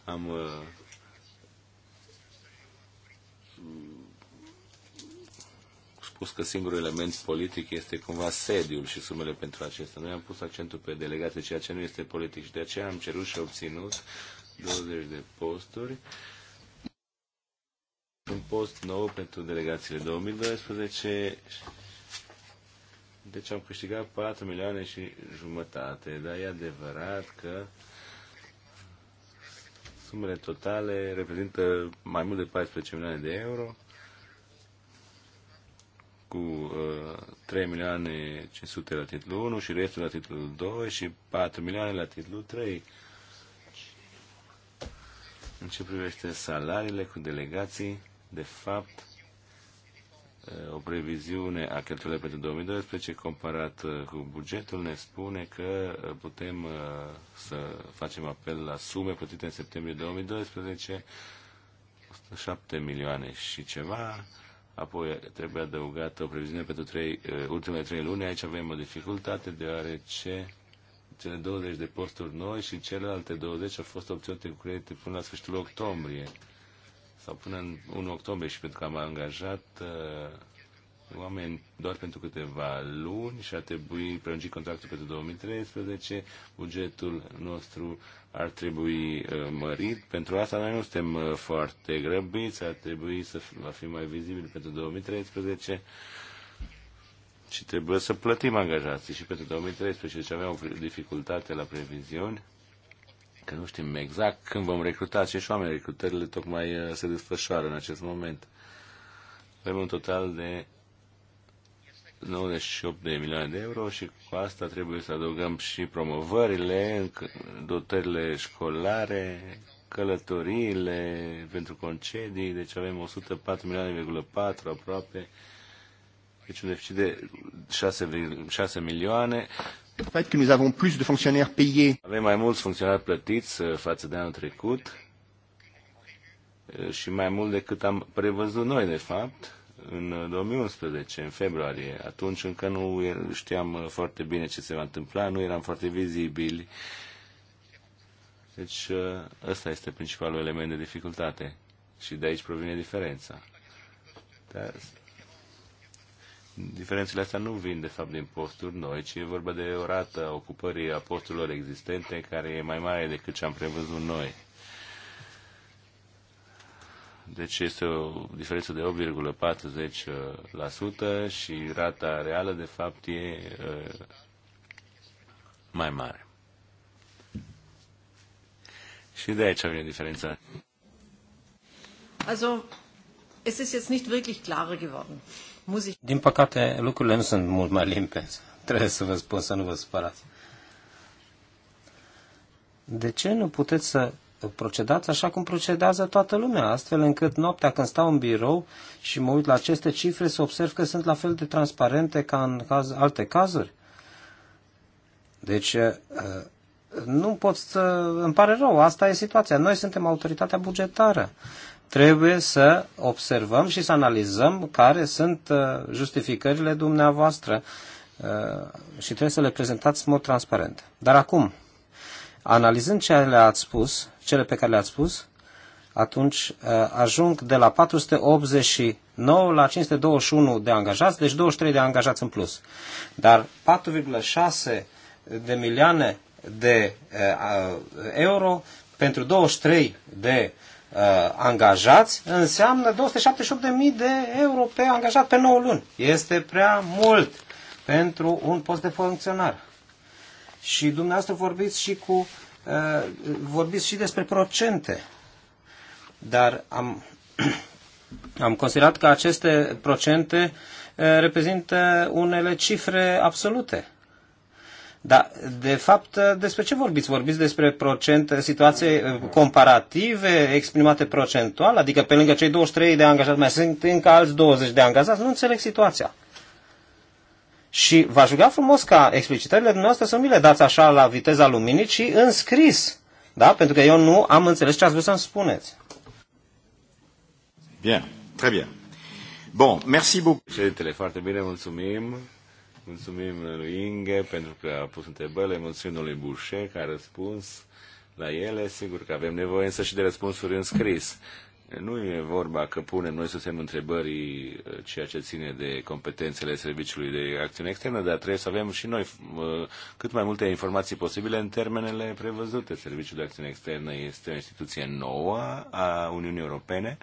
am uh, spus că singurul element politic este cumva sediul și sumele pentru acesta. Noi am pus accentul pe delegație, ceea ce nu este politic și de aceea am cerut și obținut 20 de posturi uh, un post nou pentru delegațiile 2012. Deci am câștigat 4 milioane și jumătate, dar e adevărat că sumele totale reprezintă mai mult de 14 milioane de euro cu uh, 3 milioane 500 la titlul 1 și restul la titlul 2 și 4 milioane la titlul 3. În ce privește salariile cu delegații, de fapt, uh, o previziune a cheltuielor pentru 2012 comparat uh, cu bugetul ne spune că uh, putem să facem apel la sume plătite în septembrie 2012, 107 milioane și ceva, apoi trebuie adăugată o previziune pentru trei, ultimele trei luni. Aici avem o dificultate deoarece cele 20 de posturi noi și celelalte 20 au fost obținute cu credite până la sfârșitul octombrie sau până în 1 octombrie și pentru că am angajat uh, oameni doar pentru câteva luni și a trebuit prelungit contractul pentru 2013, bugetul nostru ar trebui uh, mărit. Pentru asta noi nu suntem uh, foarte grăbiți, ar trebui să va fi mai vizibil pentru 2013 și trebuie să plătim angajații și pentru 2013, deci aveam o dificultate la previziuni că nu știm exact când vom recruta acești oameni. Recrutările tocmai uh, se desfășoară în acest moment. Avem un total de 98 de milioane de euro și cu asta trebuie să adăugăm și promovările, dotările școlare, călătoriile pentru concedii, deci avem 104 milioane,4 aproape, deci un deficit de 6, 6 milioane fait que nous avons plus de fonctionnaires payés. Avem mai mulți funcționari plătiți uh, față de anul trecut uh, și mai mult decât am prevăzut noi, de fapt, în 2011, uh, în februarie. Atunci încă nu știam foarte bine ce se va întâmpla, nu eram foarte vizibili. Deci ăsta este principalul element de dificultate și de aici provine diferența. Dar diferențele astea nu vin de fapt din posturi noi, ci e vorba de o rată ocupării a posturilor existente care e mai mare decât ce am prevăzut noi. Deci este o diferență de 8,40% și rata reală de fapt e mai mare. Și de aici vine diferența. Also, es ist jetzt nicht wirklich klarer geworden muzici. Din păcate, lucrurile nu sunt mult mai limpezi. Trebuie să vă spun să nu vă supărați. De ce nu puteți să procedați așa cum procedează toată lumea, astfel încât noaptea când stau în birou și mă uit la aceste cifre, să observ că sunt la fel de transparente ca în caz, alte cazuri? Deci, eh, nu pot să... Îmi pare rău, asta e situația. Noi suntem autoritatea bugetară trebuie să observăm și să analizăm care sunt uh, justificările dumneavoastră uh, și trebuie să le prezentați în mod transparent. Dar acum, analizând ce le-ați spus, cele pe care le-ați spus, atunci uh, ajung de la 489 la 521 de angajați, deci 23 de angajați în plus. Dar 4,6 de milioane de euro pentru 23 de uh, angajați înseamnă 278.000 de euro pe angajat pe 9 luni. Este prea mult pentru un post de funcționar. Și dumneavoastră vorbiți și cu uh, vorbiți și despre procente. Dar am, am considerat că aceste procente uh, reprezintă unele cifre absolute dar, de fapt, despre ce vorbiți? Vorbiți despre procent, situații uh, comparative exprimate procentual? Adică pe lângă cei 23 de angajați mai sunt încă alți 20 de angajați? Nu înțeleg situația. Și vă aș ruga frumos ca explicitările dumneavoastră să nu le dați așa la viteza luminii, ci în scris. Da? Pentru că eu nu am înțeles ce ați vrut să-mi spuneți. Bine, très bien. Bun, merci beaucoup. Președintele, foarte bine, mulțumim. Mulțumim lui Inge pentru că a pus întrebările, mulțumim lui Bușe că a răspuns la ele. Sigur că avem nevoie însă și de răspunsuri în scris. Nu e vorba că punem noi să semnăm întrebării uh, ceea ce ține de competențele Serviciului de Acțiune Externă, dar trebuie să avem și noi uh, cât mai multe informații posibile în termenele prevăzute. Serviciul de Acțiune Externă este o instituție nouă a Uniunii Europene.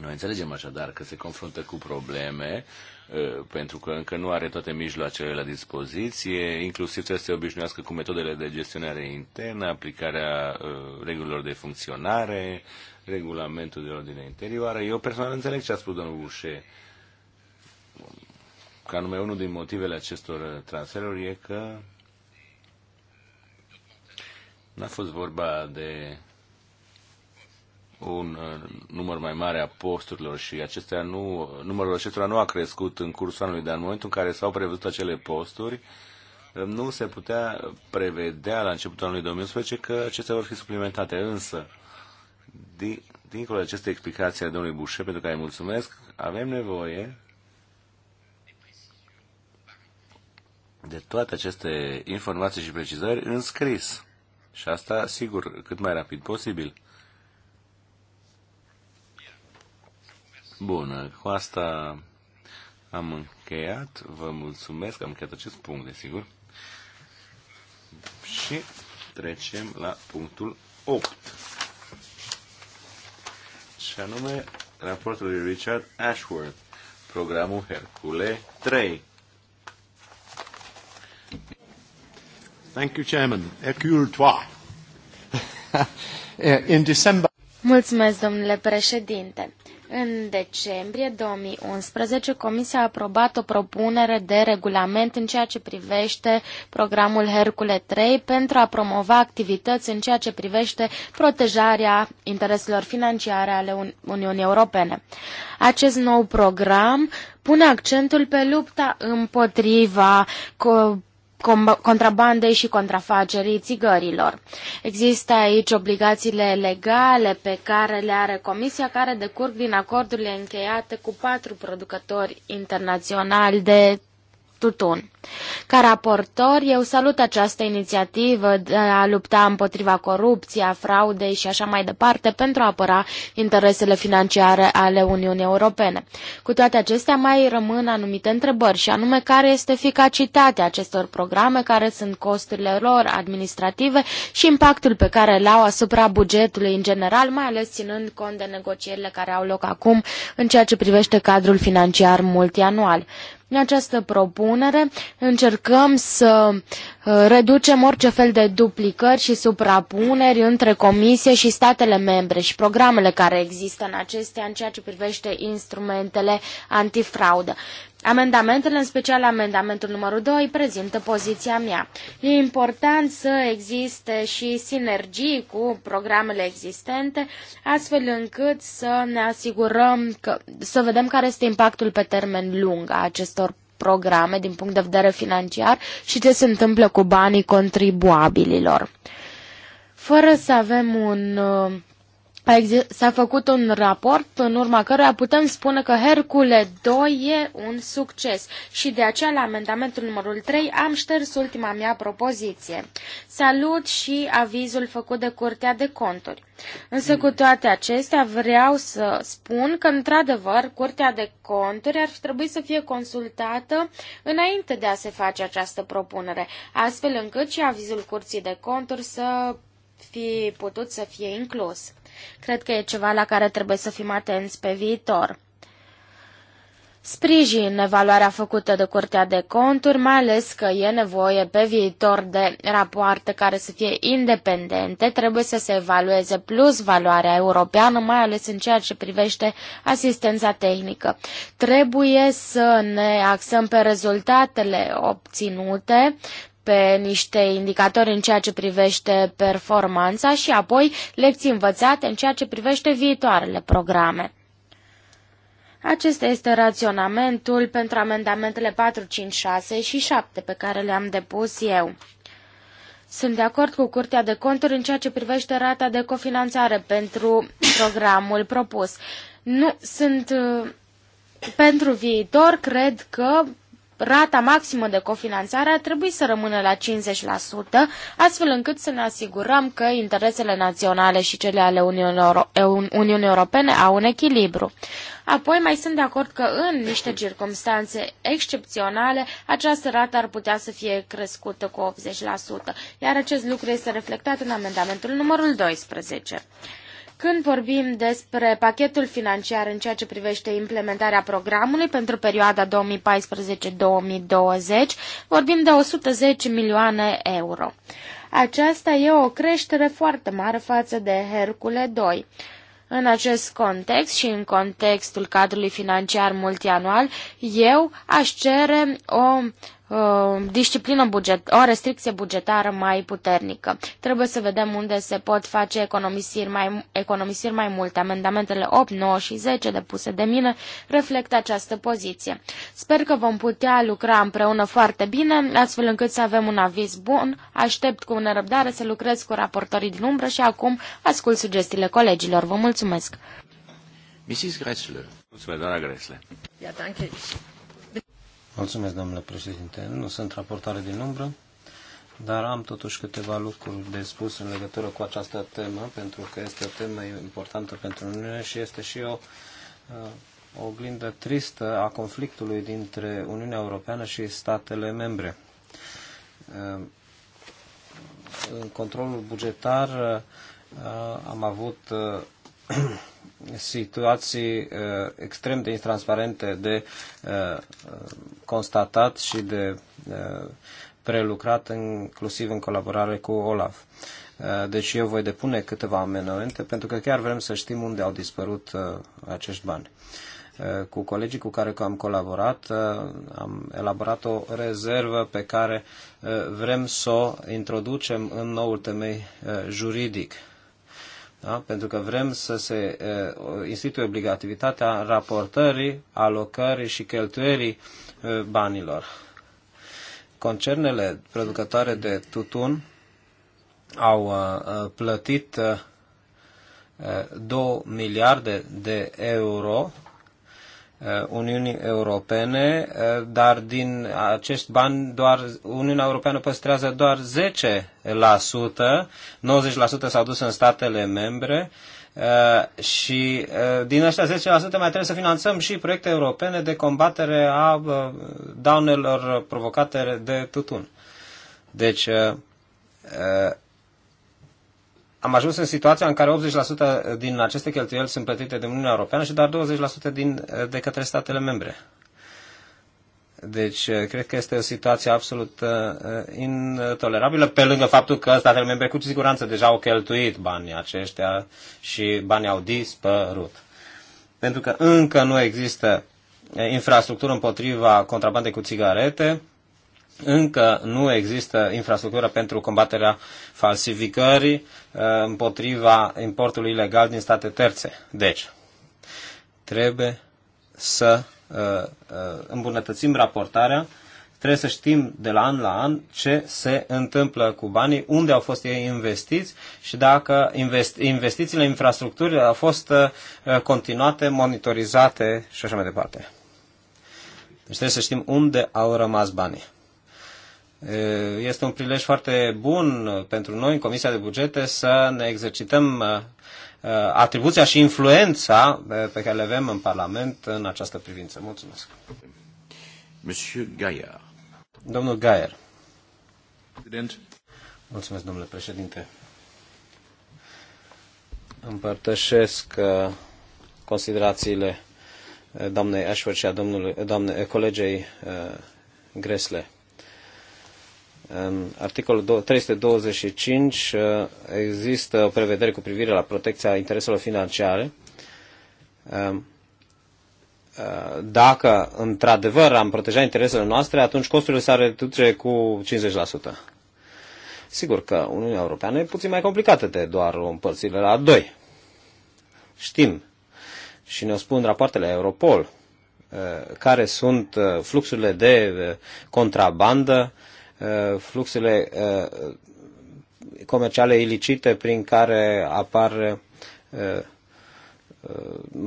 Noi înțelegem așadar că se confruntă cu probleme uh, Eh, pentru că încă nu are toate mijloacele la dispoziție, inclusiv trebuie să se obișnuiască cu metodele de gestionare internă, aplicarea eh, regulilor de funcționare, regulamentul de ordine interioară. Eu personal înțeleg ce a spus domnul Bușe. Ca nume unul din motivele acestor transferuri e că n-a fost vorba de un uh, număr mai mare a posturilor și acestea nu, numărul acestora nu a crescut în cursul anului, dar în momentul în care s-au prevăzut acele posturi, uh, nu se putea prevedea la începutul anului 2011 că acestea vor fi suplimentate. Însă, din, dincolo de aceste explicații ale domnului Bușe, pentru care îi mulțumesc, avem nevoie de toate aceste informații și precizări în scris. Și asta, sigur, cât mai rapid posibil. Bun, cu asta am încheiat. Vă mulțumesc, am încheiat acest punct, desigur. Și trecem la punctul 8. Și anume, raportul lui Richard Ashworth, programul Hercule 3. Thank you, Chairman. Hercule 3. In December... Mulțumesc, domnule președinte. În decembrie 2011, Comisia a aprobat o propunere de regulament în ceea ce privește programul Hercule 3 pentru a promova activități în ceea ce privește protejarea intereselor financiare ale Uniunii Europene. Acest nou program pune accentul pe lupta împotriva contrabandei și contrafacerii țigărilor. Există aici obligațiile legale pe care le are Comisia, care decurg din acordurile încheiate cu patru producători internaționali de tutun. Ca raportor, eu salut această inițiativă de a lupta împotriva corupției, a fraudei și așa mai departe pentru a apăra interesele financiare ale Uniunii Europene. Cu toate acestea mai rămân anumite întrebări și anume care este eficacitatea acestor programe, care sunt costurile lor administrative și impactul pe care le au asupra bugetului în general, mai ales ținând cont de negocierile care au loc acum în ceea ce privește cadrul financiar multianual. În această propunere încercăm să uh, reducem orice fel de duplicări și suprapuneri între Comisie și statele membre și programele care există în acestea în ceea ce privește instrumentele antifraudă. Amendamentele, în special amendamentul numărul 2, prezintă poziția mea. E important să existe și sinergii cu programele existente, astfel încât să ne asigurăm că, să vedem care este impactul pe termen lung a acestor programe din punct de vedere financiar și ce se întâmplă cu banii contribuabililor. Fără să avem un uh, S-a făcut un raport în urma căruia putem spune că Hercule 2 e un succes și de aceea la amendamentul numărul 3 am șters ultima mea propoziție. Salut și avizul făcut de Curtea de Conturi. Însă cu toate acestea vreau să spun că într-adevăr Curtea de Conturi ar fi trebuit să fie consultată înainte de a se face această propunere, astfel încât și avizul Curții de Conturi să fi putut să fie inclus. Cred că e ceva la care trebuie să fim atenți pe viitor. Sprijin evaluarea făcută de Curtea de Conturi, mai ales că e nevoie pe viitor de rapoarte care să fie independente, trebuie să se evalueze plus valoarea europeană, mai ales în ceea ce privește asistența tehnică. Trebuie să ne axăm pe rezultatele obținute, pe niște indicatori în ceea ce privește performanța și apoi lecții învățate în ceea ce privește viitoarele programe. Acesta este raționamentul pentru amendamentele 4, 5, 6 și 7 pe care le-am depus eu. Sunt de acord cu Curtea de Conturi în ceea ce privește rata de cofinanțare pentru programul propus. Nu sunt uh, pentru viitor, cred că rata maximă de cofinanțare ar trebui să rămână la 50%, astfel încât să ne asigurăm că interesele naționale și cele ale Uniunii, Euro Uniunii Europene au un echilibru. Apoi mai sunt de acord că în niște circunstanțe excepționale această rată ar putea să fie crescută cu 80%, iar acest lucru este reflectat în amendamentul numărul 12. Când vorbim despre pachetul financiar în ceea ce privește implementarea programului pentru perioada 2014-2020, vorbim de 110 milioane euro. Aceasta e o creștere foarte mare față de Hercule 2. În acest context și în contextul cadrului financiar multianual, eu aș cere o Uh, disciplină buget, o restricție bugetară mai puternică. Trebuie să vedem unde se pot face economisiri mai, economisiri mai multe. Amendamentele 8, 9 și 10 depuse de mine reflectă această poziție. Sper că vom putea lucra împreună foarte bine, astfel încât să avem un aviz bun. Aștept cu nerăbdare să lucrez cu raportorii din umbră și acum ascult sugestiile colegilor. Vă mulțumesc! Mrs. Gressler. Mulțumesc, doamna Gressler. Ja, danke. Mulțumesc, domnule președinte. Nu sunt raportare din umbră, dar am totuși câteva lucruri de spus în legătură cu această temă, pentru că este o temă importantă pentru Uniune și este și o o uh, oglindă tristă a conflictului dintre Uniunea Europeană și statele membre. Uh, în controlul bugetar uh, am avut situații uh, extrem de intransparente de uh, uh, constatat și de prelucrat, inclusiv în colaborare cu OLAF. Deci eu voi depune câteva amendamente pentru că chiar vrem să știm unde au dispărut acești bani. Cu colegii cu care am colaborat am elaborat o rezervă pe care vrem să o introducem în noul temei juridic da? Pentru că vrem să se uh, instituie obligativitatea raportării, alocării și cheltuierii uh, banilor. Concernele producătoare de tutun au uh, plătit uh, 2 miliarde de euro Uh, Uniunii Europene, uh, dar din acești bani doar Uniunea Europeană păstrează doar 10%, 90% s-au dus în statele membre uh, și din ăștia 10% mai trebuie să finanțăm și proiecte europene de combatere a daunelor provocate de tutun. Deci am ajuns în situația în care 80% din aceste cheltuieli sunt plătite de Uniunea Europeană și doar 20% din, de către statele membre. Deci, cred că este o situație absolut uh, intolerabilă, pe lângă faptul că statele membre cu siguranță deja au cheltuit banii aceștia și banii au dispărut. Pentru că încă nu există uh, infrastructură împotriva contrabandei cu țigarete, încă nu există infrastructură pentru combaterea falsificării uh, împotriva importului ilegal din state terțe. Deci, trebuie să uh, uh, îmbunătățim raportarea, trebuie să știm de la an la an ce se întâmplă cu banii, unde au fost ei investiți și dacă investițiile în au fost continuate, monitorizate și așa mai departe. Deci trebuie să știm unde au rămas banii. Este un prilej foarte bun pentru noi în Comisia de Bugete să ne exercităm atribuția și influența pe care le avem în Parlament în această privință. Mulțumesc. Monsieur Gaillard. Domnul Gaier. President. Mulțumesc, domnule președinte. Împărtășesc considerațiile doamnei Ashworth și a domnului, doamne, colegei Gresle. În articolul 325 uh, există o prevedere cu privire la protecția intereselor financiare. Um, uh, dacă într-adevăr am proteja interesele noastre, atunci costurile s-ar reduce cu 50%. Sigur că Uniunea Europeană e puțin mai complicată de doar o împărțire la doi. Știm și ne-o spun rapoartele Europol, uh, care sunt fluxurile de contrabandă Uh, fluxurile uh, comerciale ilicite prin care apar uh,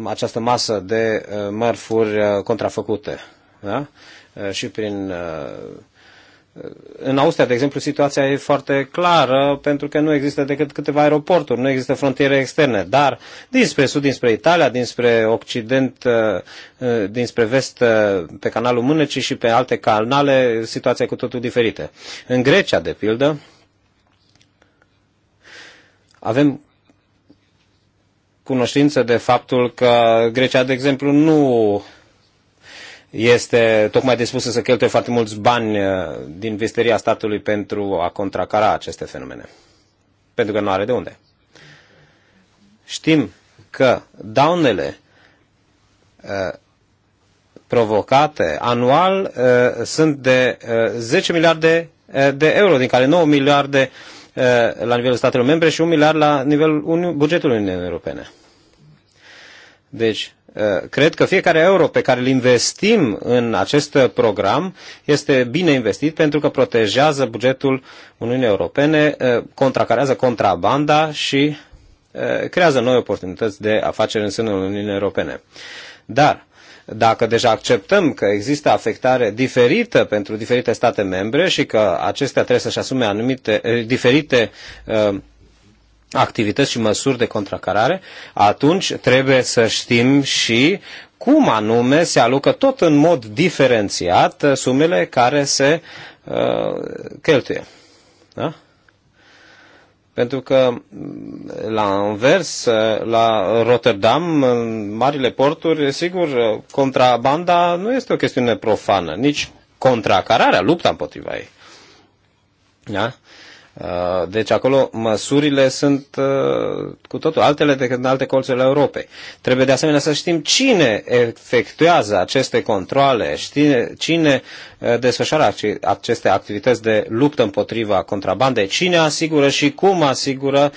această masă de mărfuri contrafăcute da? și prin în Austria, de exemplu, situația e foarte clară pentru că nu există decât câteva aeroporturi, nu există frontiere externe, dar dinspre sud, dinspre Italia, dinspre Occident, uh, uh, dinspre vest, uh, pe canalul Mânecii și pe alte canale, situația e cu totul diferită. În Grecia, de pildă, avem cunoștință de faptul că Grecia, de exemplu, nu este tocmai spus să cheltuie foarte mulți bani uh, din visteria statului pentru a contracara aceste fenomene. Pentru că nu are de unde. Știm că daunele uh, provocate anual uh, sunt de 10 miliarde de euro, din care 9 miliarde la nivelul statelor membre și 1 miliard la nivelul bugetului Uniunii Europene. Deci, ă, cred că fiecare euro pe care îl investim în acest program este bine investit pentru că protejează bugetul Uniunii Europene, ă, contracarează contrabanda și ă, creează noi oportunități de afaceri în sânul Uniunii Europene. Dar, dacă deja acceptăm că există afectare diferită pentru diferite state membre și că acestea trebuie să-și asume anumite diferite uh, activități și măsuri de contracarare, atunci trebuie să știm și cum anume se alucă tot în mod diferențiat uh, sumele care se uh, cheltuie. Da? Pentru că mm, la învers, uh, la Rotterdam, în marile porturi, sigur, uh, contrabanda nu este o chestiune profană, nici contracararea, lupta împotriva ei. Da? Uh, deci acolo măsurile sunt uh, cu totul altele decât în alte colțurile Europei. Trebuie de asemenea să știm cine efectuează aceste controle, cine uh, desfășoară aceste activități de luptă împotriva contrabandei, cine asigură și cum asigură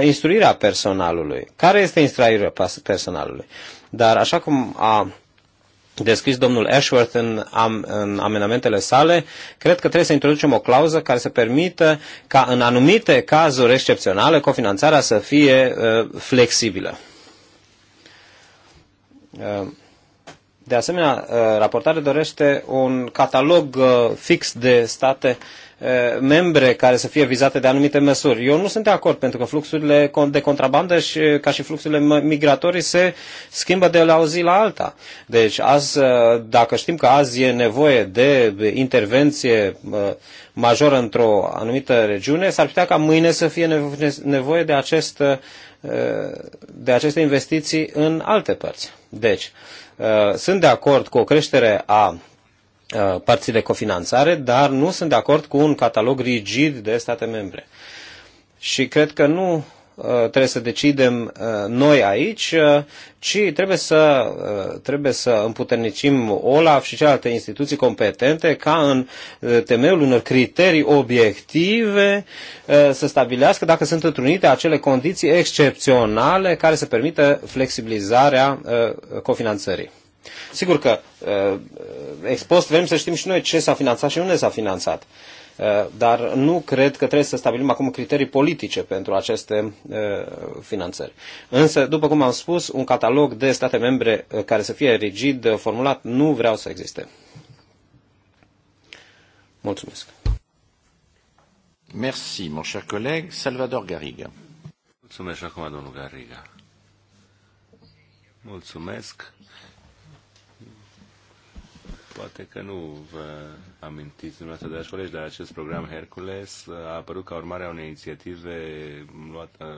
instruirea personalului. Care este instruirea personalului? Dar așa cum a descris domnul Ashworth în, am, în amenamentele sale, cred că trebuie să introducem o clauză care să permită ca în anumite cazuri excepționale cofinanțarea să fie uh, flexibilă. Uh, de asemenea, uh, raportarea dorește un catalog uh, fix de state membre care să fie vizate de anumite măsuri. Eu nu sunt de acord pentru că fluxurile de contrabandă și ca și fluxurile migratorii se schimbă de la o zi la alta. Deci azi, dacă știm că azi e nevoie de intervenție majoră într-o anumită regiune, s-ar putea ca mâine să fie nevoie de, acest, de aceste investiții în alte părți. Deci, sunt de acord cu o creștere a Uh, părții de cofinanțare, dar nu sunt de acord cu un catalog rigid de state membre. Și cred că nu uh, trebuie să decidem uh, noi aici, ci trebuie să, trebuie să împuternicim OLAF și celelalte instituții competente ca în temeiul unor criterii obiective să stabilească dacă sunt întrunite acele condiții excepționale care să permită flexibilizarea cofinanțării. Sigur că uh, ex post vrem să știm și noi ce s-a finanțat și unde s-a finanțat, uh, dar nu cred că trebuie să stabilim acum criterii politice pentru aceste uh, finanțări. Însă, după cum am spus, un catalog de state membre care să fie rigid formulat nu vreau să existe. Mulțumesc. Merci, mon cher collègue Salvador Garriga. Mulțumesc acum, domnul Garriga. Mulțumesc. Poate că nu vă amintiți dumneavoastră, dragi colegi, dar acest program Hercules a apărut ca urmare a unei inițiative luată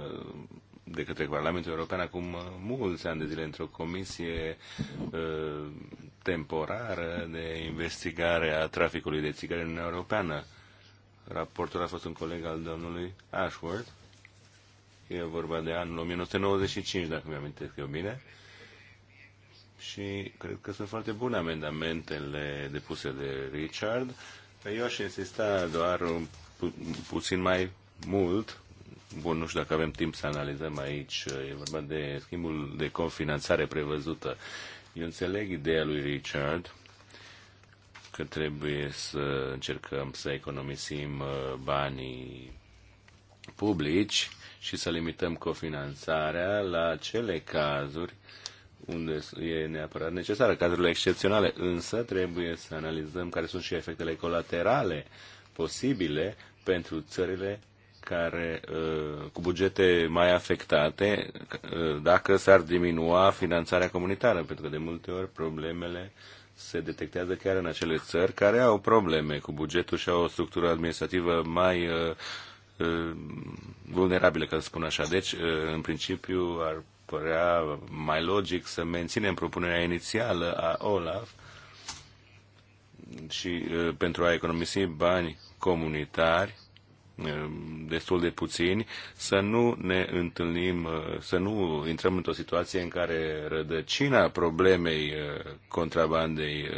de către Parlamentul European acum mulți ani de zile într-o comisie uh, temporară de investigare a traficului de țigări în Uniunea Europeană. Raportul a fost un coleg al domnului Ashworth. E vorba de anul 1995, dacă mi-am amintesc eu bine și cred că sunt foarte bune amendamentele depuse de Richard. Eu aș insista doar pu- puțin mai mult. Bun, nu știu dacă avem timp să analizăm aici. E vorba de schimbul de confinanțare prevăzută. Eu înțeleg ideea lui Richard că trebuie să încercăm să economisim uh, banii publici și să limităm cofinanțarea la cele cazuri unde e neapărat necesară. Cazurile excepționale, însă, trebuie să analizăm care sunt și efectele colaterale posibile pentru țările care, uh, cu bugete mai afectate, uh, dacă s-ar diminua finanțarea comunitară, pentru că de multe ori problemele se detectează chiar în acele țări care au probleme cu bugetul și au o structură administrativă mai uh, vulnerabilă, ca să spun așa. Deci, în principiu, ar părea mai logic să menținem propunerea inițială a Olaf și uh, pentru a economisi bani comunitari uh, destul de puțini, să nu ne întâlnim, uh, să nu intrăm într-o situație în care rădăcina problemei contrabandei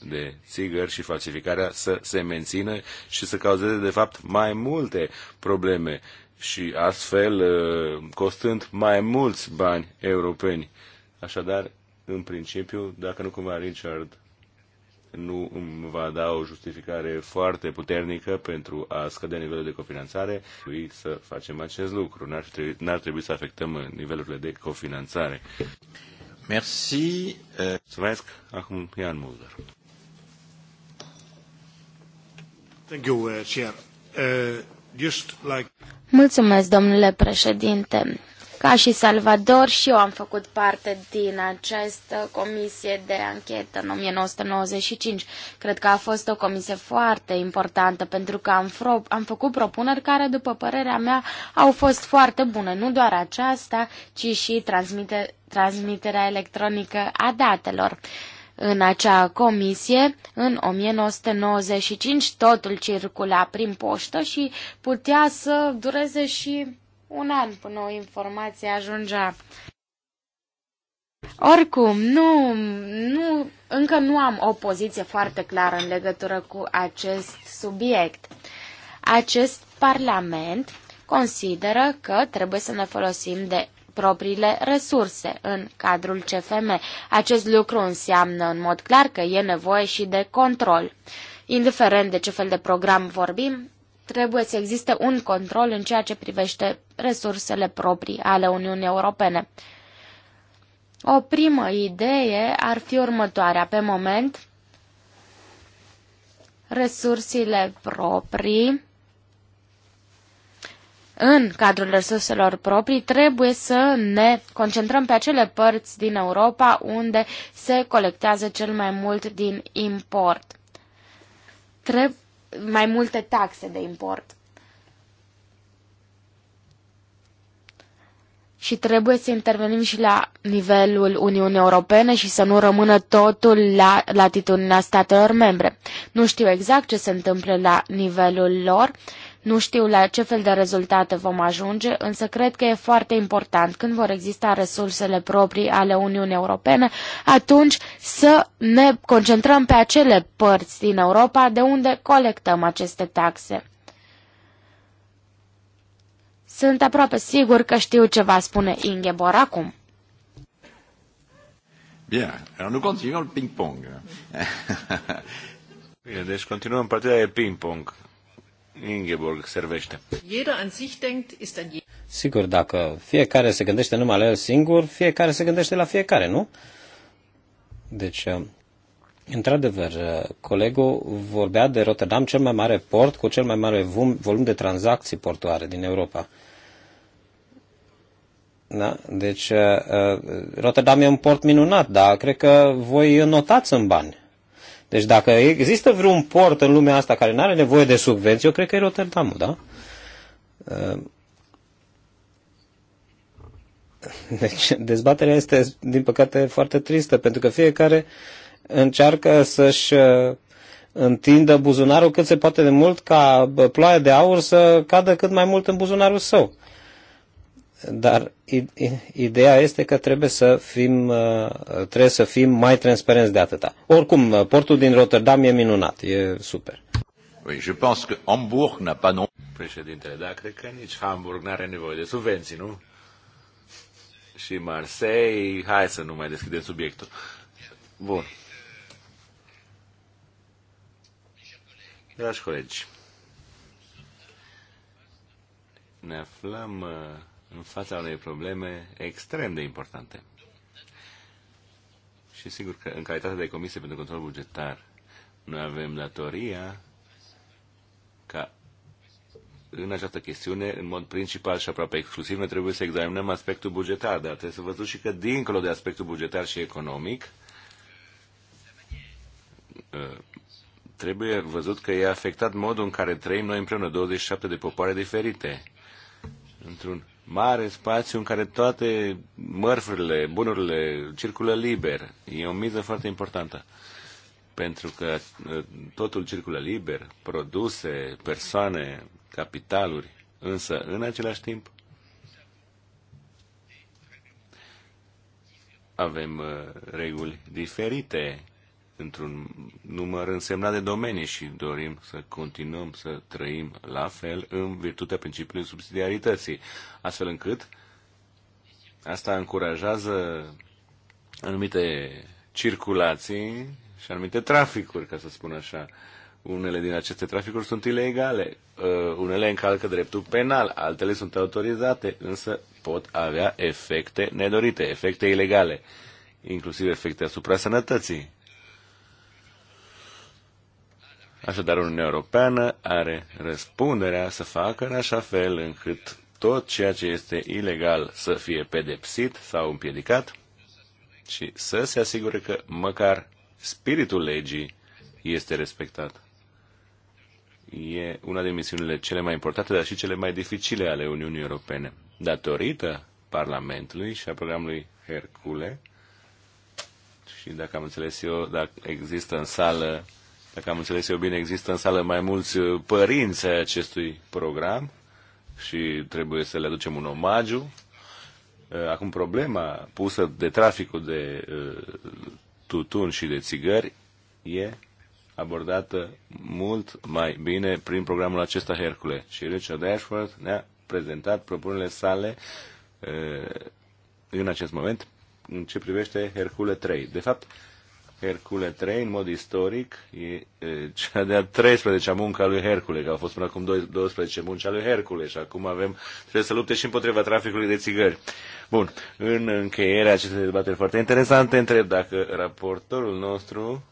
de țigări și falsificarea să se mențină și să cauzeze, de fapt, mai multe probleme și astfel ă, costând mai mulți bani europeni. Așadar, în principiu, dacă nu cumva Richard nu îmi va da o justificare foarte puternică pentru a scădea nivelul de cofinanțare, trebuie să facem acest lucru. N-ar trebui, n-ar trebui să afectăm nivelurile de cofinanțare. Merci. Ă. Mulțumesc. Acum Ian Mulder. Thank you, uh, Chair. Uh, Mulțumesc, domnule președinte. Ca și Salvador, și eu am făcut parte din această comisie de anchetă în 1995. Cred că a fost o comisie foarte importantă pentru că am, am făcut propuneri care, după părerea mea, au fost foarte bune. Nu doar aceasta, ci și transmite transmiterea electronică a datelor în acea comisie, în 1995 totul circula prin poștă și putea să dureze și un an până o informație ajungea. Oricum, nu, nu, încă nu am o poziție foarte clară în legătură cu acest subiect. Acest parlament consideră că trebuie să ne folosim de propriile resurse în cadrul CFM. Acest lucru înseamnă în mod clar că e nevoie și de control. Indiferent de ce fel de program vorbim, trebuie să existe un control în ceea ce privește resursele proprii ale Uniunii Europene. O primă idee ar fi următoarea. Pe moment, resursele proprii în cadrul resurselor proprii, trebuie să ne concentrăm pe acele părți din Europa unde se colectează cel mai mult din import. Trebuie mai multe taxe de import. și trebuie să intervenim și la nivelul Uniunii Europene și să nu rămână totul la latitudinea statelor membre. Nu știu exact ce se întâmplă la nivelul lor, nu știu la ce fel de rezultate vom ajunge, însă cred că e foarte important când vor exista resursele proprii ale Uniunii Europene, atunci să ne concentrăm pe acele părți din Europa de unde colectăm aceste taxe. Sunt aproape sigur că știu ce va spune Ingebor acum. Bine, alors continuăm ping-pong. Bine, deci continuăm partida de ping-pong. Ingeborg servește. Sigur, dacă fiecare se gândește numai la el singur, fiecare se gândește la fiecare, nu? Deci, uh, într-adevăr, uh, colegul vorbea de Rotterdam, cel mai mare port cu cel mai mare volum de tranzacții portoare din Europa. Da? Deci, uh, Rotterdam e un port minunat, dar cred că voi notați în bani. Deci dacă există vreun port în lumea asta care nu are nevoie de subvenții, eu cred că e Rotterdam, da? Ehm, deci dezbaterea este, din păcate, foarte tristă, pentru că fiecare încearcă să-și uh, întindă buzunarul cât se poate de mult ca uh, ploaia de aur să cadă cât mai mult în buzunarul său. Dar ideea este că trebuie să fim, uh, trebuie să fim mai transparenți de atâta. Oricum, uh, portul din Rotterdam e minunat, e super. Oui, je pense que Hamburg n'a pas non... Președintele, da, cred că nici Hamburg n-are nevoie de subvenții, nu? Și Marseille, hai să nu mai deschidem subiectul. Bun. Dragi colegi, ne aflăm uh, în fața unei probleme extrem de importante. Și sigur că în calitate de Comisie pentru Control Bugetar noi avem datoria ca în această chestiune, în mod principal și aproape exclusiv, noi trebuie să examinăm aspectul bugetar, dar trebuie să văzut și că dincolo de aspectul bugetar și economic, uh, trebuie văzut că e afectat modul în care trăim noi împreună, 27 de popoare diferite într-un mare spațiu în care toate mărfurile, bunurile circulă liber. E o miză foarte importantă. Pentru că uh, totul circulă liber, produse, persoane, capitaluri, însă în același timp avem uh, reguli diferite într-un număr însemnat de domenii și dorim să continuăm să trăim la fel în virtutea principiului subsidiarității, astfel încât asta încurajează anumite circulații și anumite traficuri, ca să spun așa. Unele din aceste traficuri sunt ilegale, uh, unele încalcă dreptul penal, altele sunt autorizate, însă pot avea efecte nedorite, efecte ilegale, inclusiv efecte asupra sănătății Așadar, Uniunea Europeană are răspunderea să facă în așa fel încât tot ceea ce este ilegal să fie pedepsit sau împiedicat și să se asigure că măcar spiritul legii este respectat. E una din misiunile cele mai importante, dar și cele mai dificile ale Uniunii Europene. Datorită Parlamentului și a programului Hercule, și dacă am înțeles eu, dacă există în sală dacă am înțeles eu bine, există în sală mai mulți uh, părinți ai acestui program și trebuie să le aducem un omagiu. Uh, acum, problema pusă de traficul de uh, tutun și de țigări e abordată mult mai bine prin programul acesta Hercule. Și Richard Ashworth ne-a prezentat propunerile sale în acest moment în ce privește Hercule 3. De fapt, Hercule 3, în mod istoric, e cea de-a 13-a muncă a lui Hercule, că au fost până acum 12 munci a lui Hercule și acum avem, trebuie să lupte și împotriva traficului de țigări. Bun, în încheierea acestei dezbateri foarte interesante, întreb dacă raportorul nostru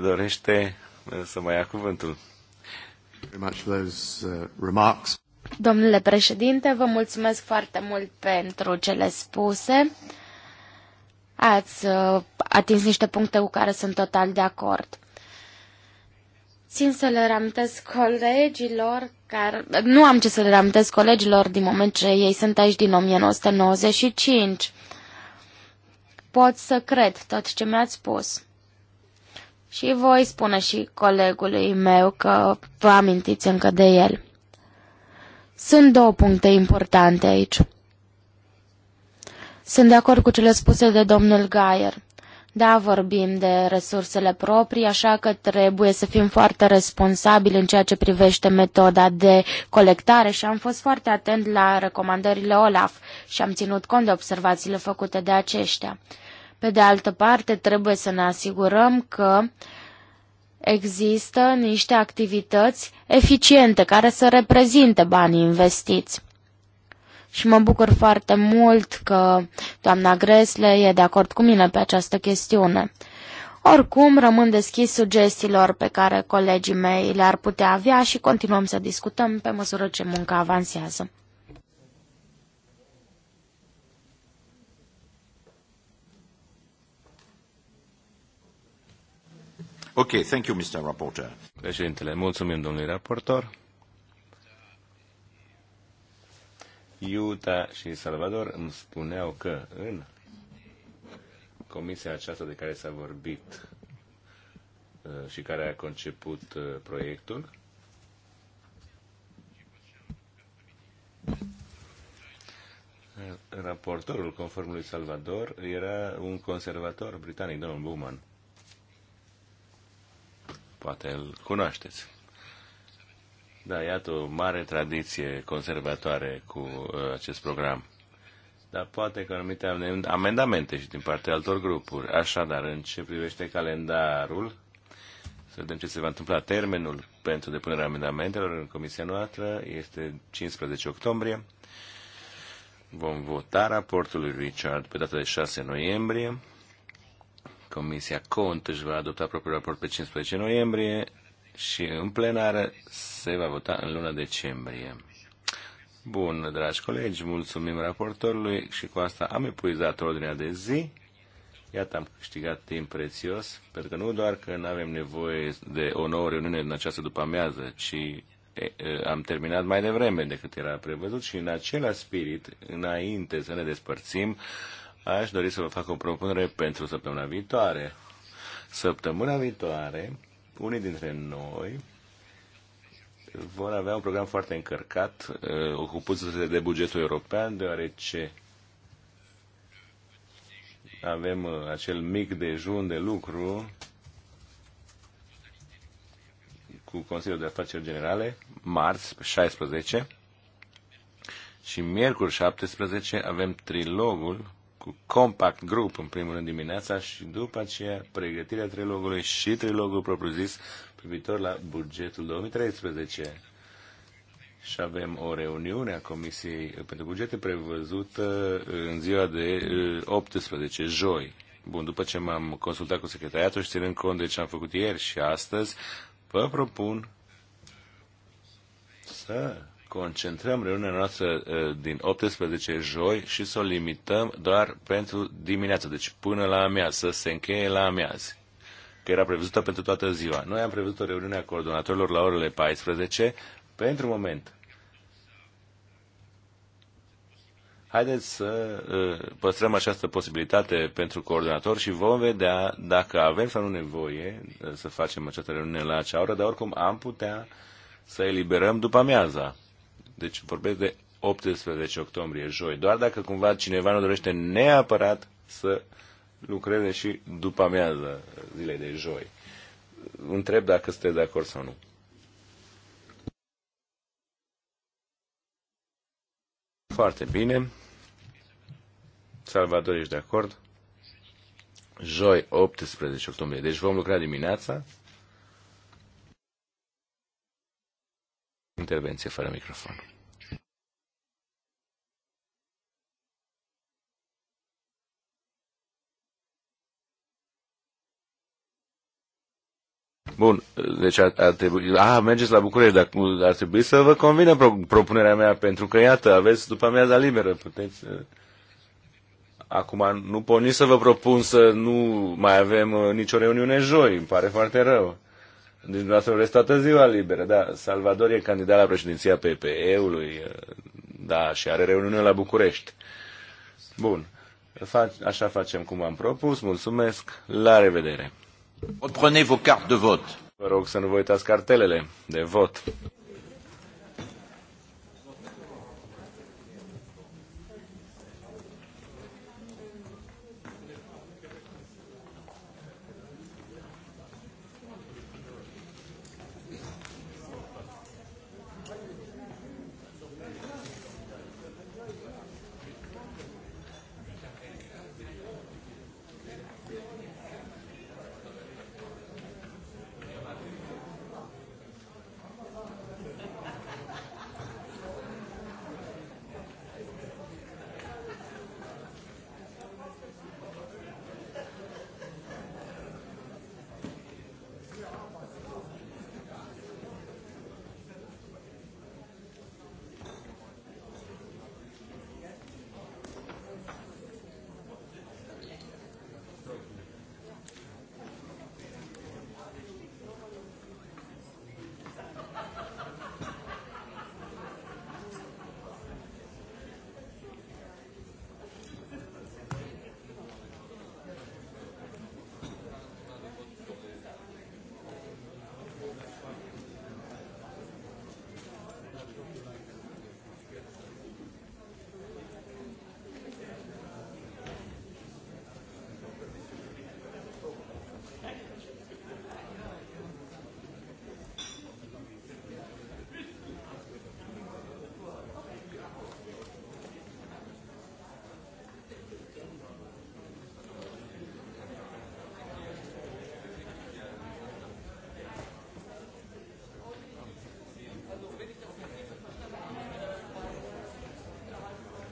dorește să mai ia cuvântul. Uh, Domnule președinte, vă mulțumesc foarte mult pentru cele spuse. Ați uh, atins niște puncte cu care sunt total de acord. Țin să le reamintesc colegilor care... Nu am ce să le reamintesc colegilor din moment ce ei sunt aici din 1995. Pot să cred tot ce mi-ați spus. Și voi spune și colegului meu că vă amintiți încă de el. Sunt două puncte importante aici. Sunt de acord cu cele spuse de domnul Gaier. Da, vorbim de resursele proprii, așa că trebuie să fim foarte responsabili în ceea ce privește metoda de colectare și am fost foarte atent la recomandările OLAF și am ținut cont de observațiile făcute de aceștia. Pe de altă parte, trebuie să ne asigurăm că există niște activități eficiente care să reprezinte banii investiți și mă bucur foarte mult că doamna Gresle e de acord cu mine pe această chestiune. Oricum, rămân deschis sugestiilor pe care colegii mei le-ar putea avea și continuăm să discutăm pe măsură ce munca avansează. Ok, thank you, Mr. Rapporteur. Președintele, mulțumim domnului raportor. Utah și Salvador îmi spuneau că în comisia aceasta de care s-a vorbit uh, și care a conceput uh, proiectul, Raportorul, conform lui Salvador, era un conservator britanic, domnul Bowman. Poate îl cunoașteți. Da, iată o mare tradiție conservatoare cu uh, acest program. Dar poate că anumite amendamente și din partea altor grupuri. Așadar, în ce privește calendarul, să vedem ce se va întâmpla. Termenul pentru depunerea amendamentelor în comisia noastră este 15 octombrie. Vom vota raportul lui Richard pe data de 6 noiembrie. Comisia Cont își va adopta propriul raport pe 15 noiembrie și în plenară se va vota în luna decembrie. Bun, dragi colegi, mulțumim raportorului și cu asta am epuizat ordinea de zi. Iată, am câștigat timp prețios, pentru că nu doar că nu avem nevoie de o nouă reuniune în această după-amiază, ci am terminat mai devreme decât era prevăzut și în același spirit, înainte să ne despărțim, aș dori să vă fac o propunere pentru săptămâna viitoare. Săptămâna viitoare unii dintre noi vor avea un program foarte încărcat, eh, ocupându-se de bugetul european, deoarece avem eh, acel mic dejun de lucru cu Consiliul de Afaceri Generale, marți 16, și miercuri 17 avem trilogul cu Compact Group, în primul rând dimineața, și după aceea pregătirea trilogului și trilogul propriu-zis privitor la bugetul 2013. Și avem o reuniune a Comisiei pentru Bugete prevăzută uh, în ziua de 18, uh, joi. Bun, după ce m-am consultat cu secretariatul și ținând cont de ce am făcut ieri și astăzi, vă propun să concentrăm reuniunea noastră din 18 joi și să o limităm doar pentru dimineață, deci până la amiază, să se încheie la amiază că era prevăzută pentru toată ziua. Noi am prevăzut o reuniune a coordonatorilor la orele 14. Pentru moment, haideți să păstrăm această posibilitate pentru coordonator și vom vedea dacă avem sau nu nevoie să facem această reuniune la acea oră, dar oricum am putea să eliberăm după amiaza. Deci vorbesc de 18 octombrie, joi. Doar dacă cumva cineva nu dorește neapărat să lucreze și după amiază zilei de joi. Întreb dacă sunteți de acord sau nu. Foarte bine. Salvador, ești de acord? Joi, 18 octombrie. Deci vom lucra dimineața Intervenție fără microfon. Bun, deci ar, ar trebui... A, mergeți la București, dar ar trebui să vă convină pro, propunerea mea, pentru că, iată, aveți după amiaza liberă, puteți... Uh, acum nu pot nici să vă propun să nu mai avem uh, nicio reuniune joi, îmi pare foarte rău. Deci dumneavoastră vreți toată ziua liberă, da. Salvador e candidat la președinția PPE-ului, da, și are reuniune la București. Bun. Așa facem cum am propus. Mulțumesc. La revedere. de vot. Vă rog să nu vă uitați cartelele de vot.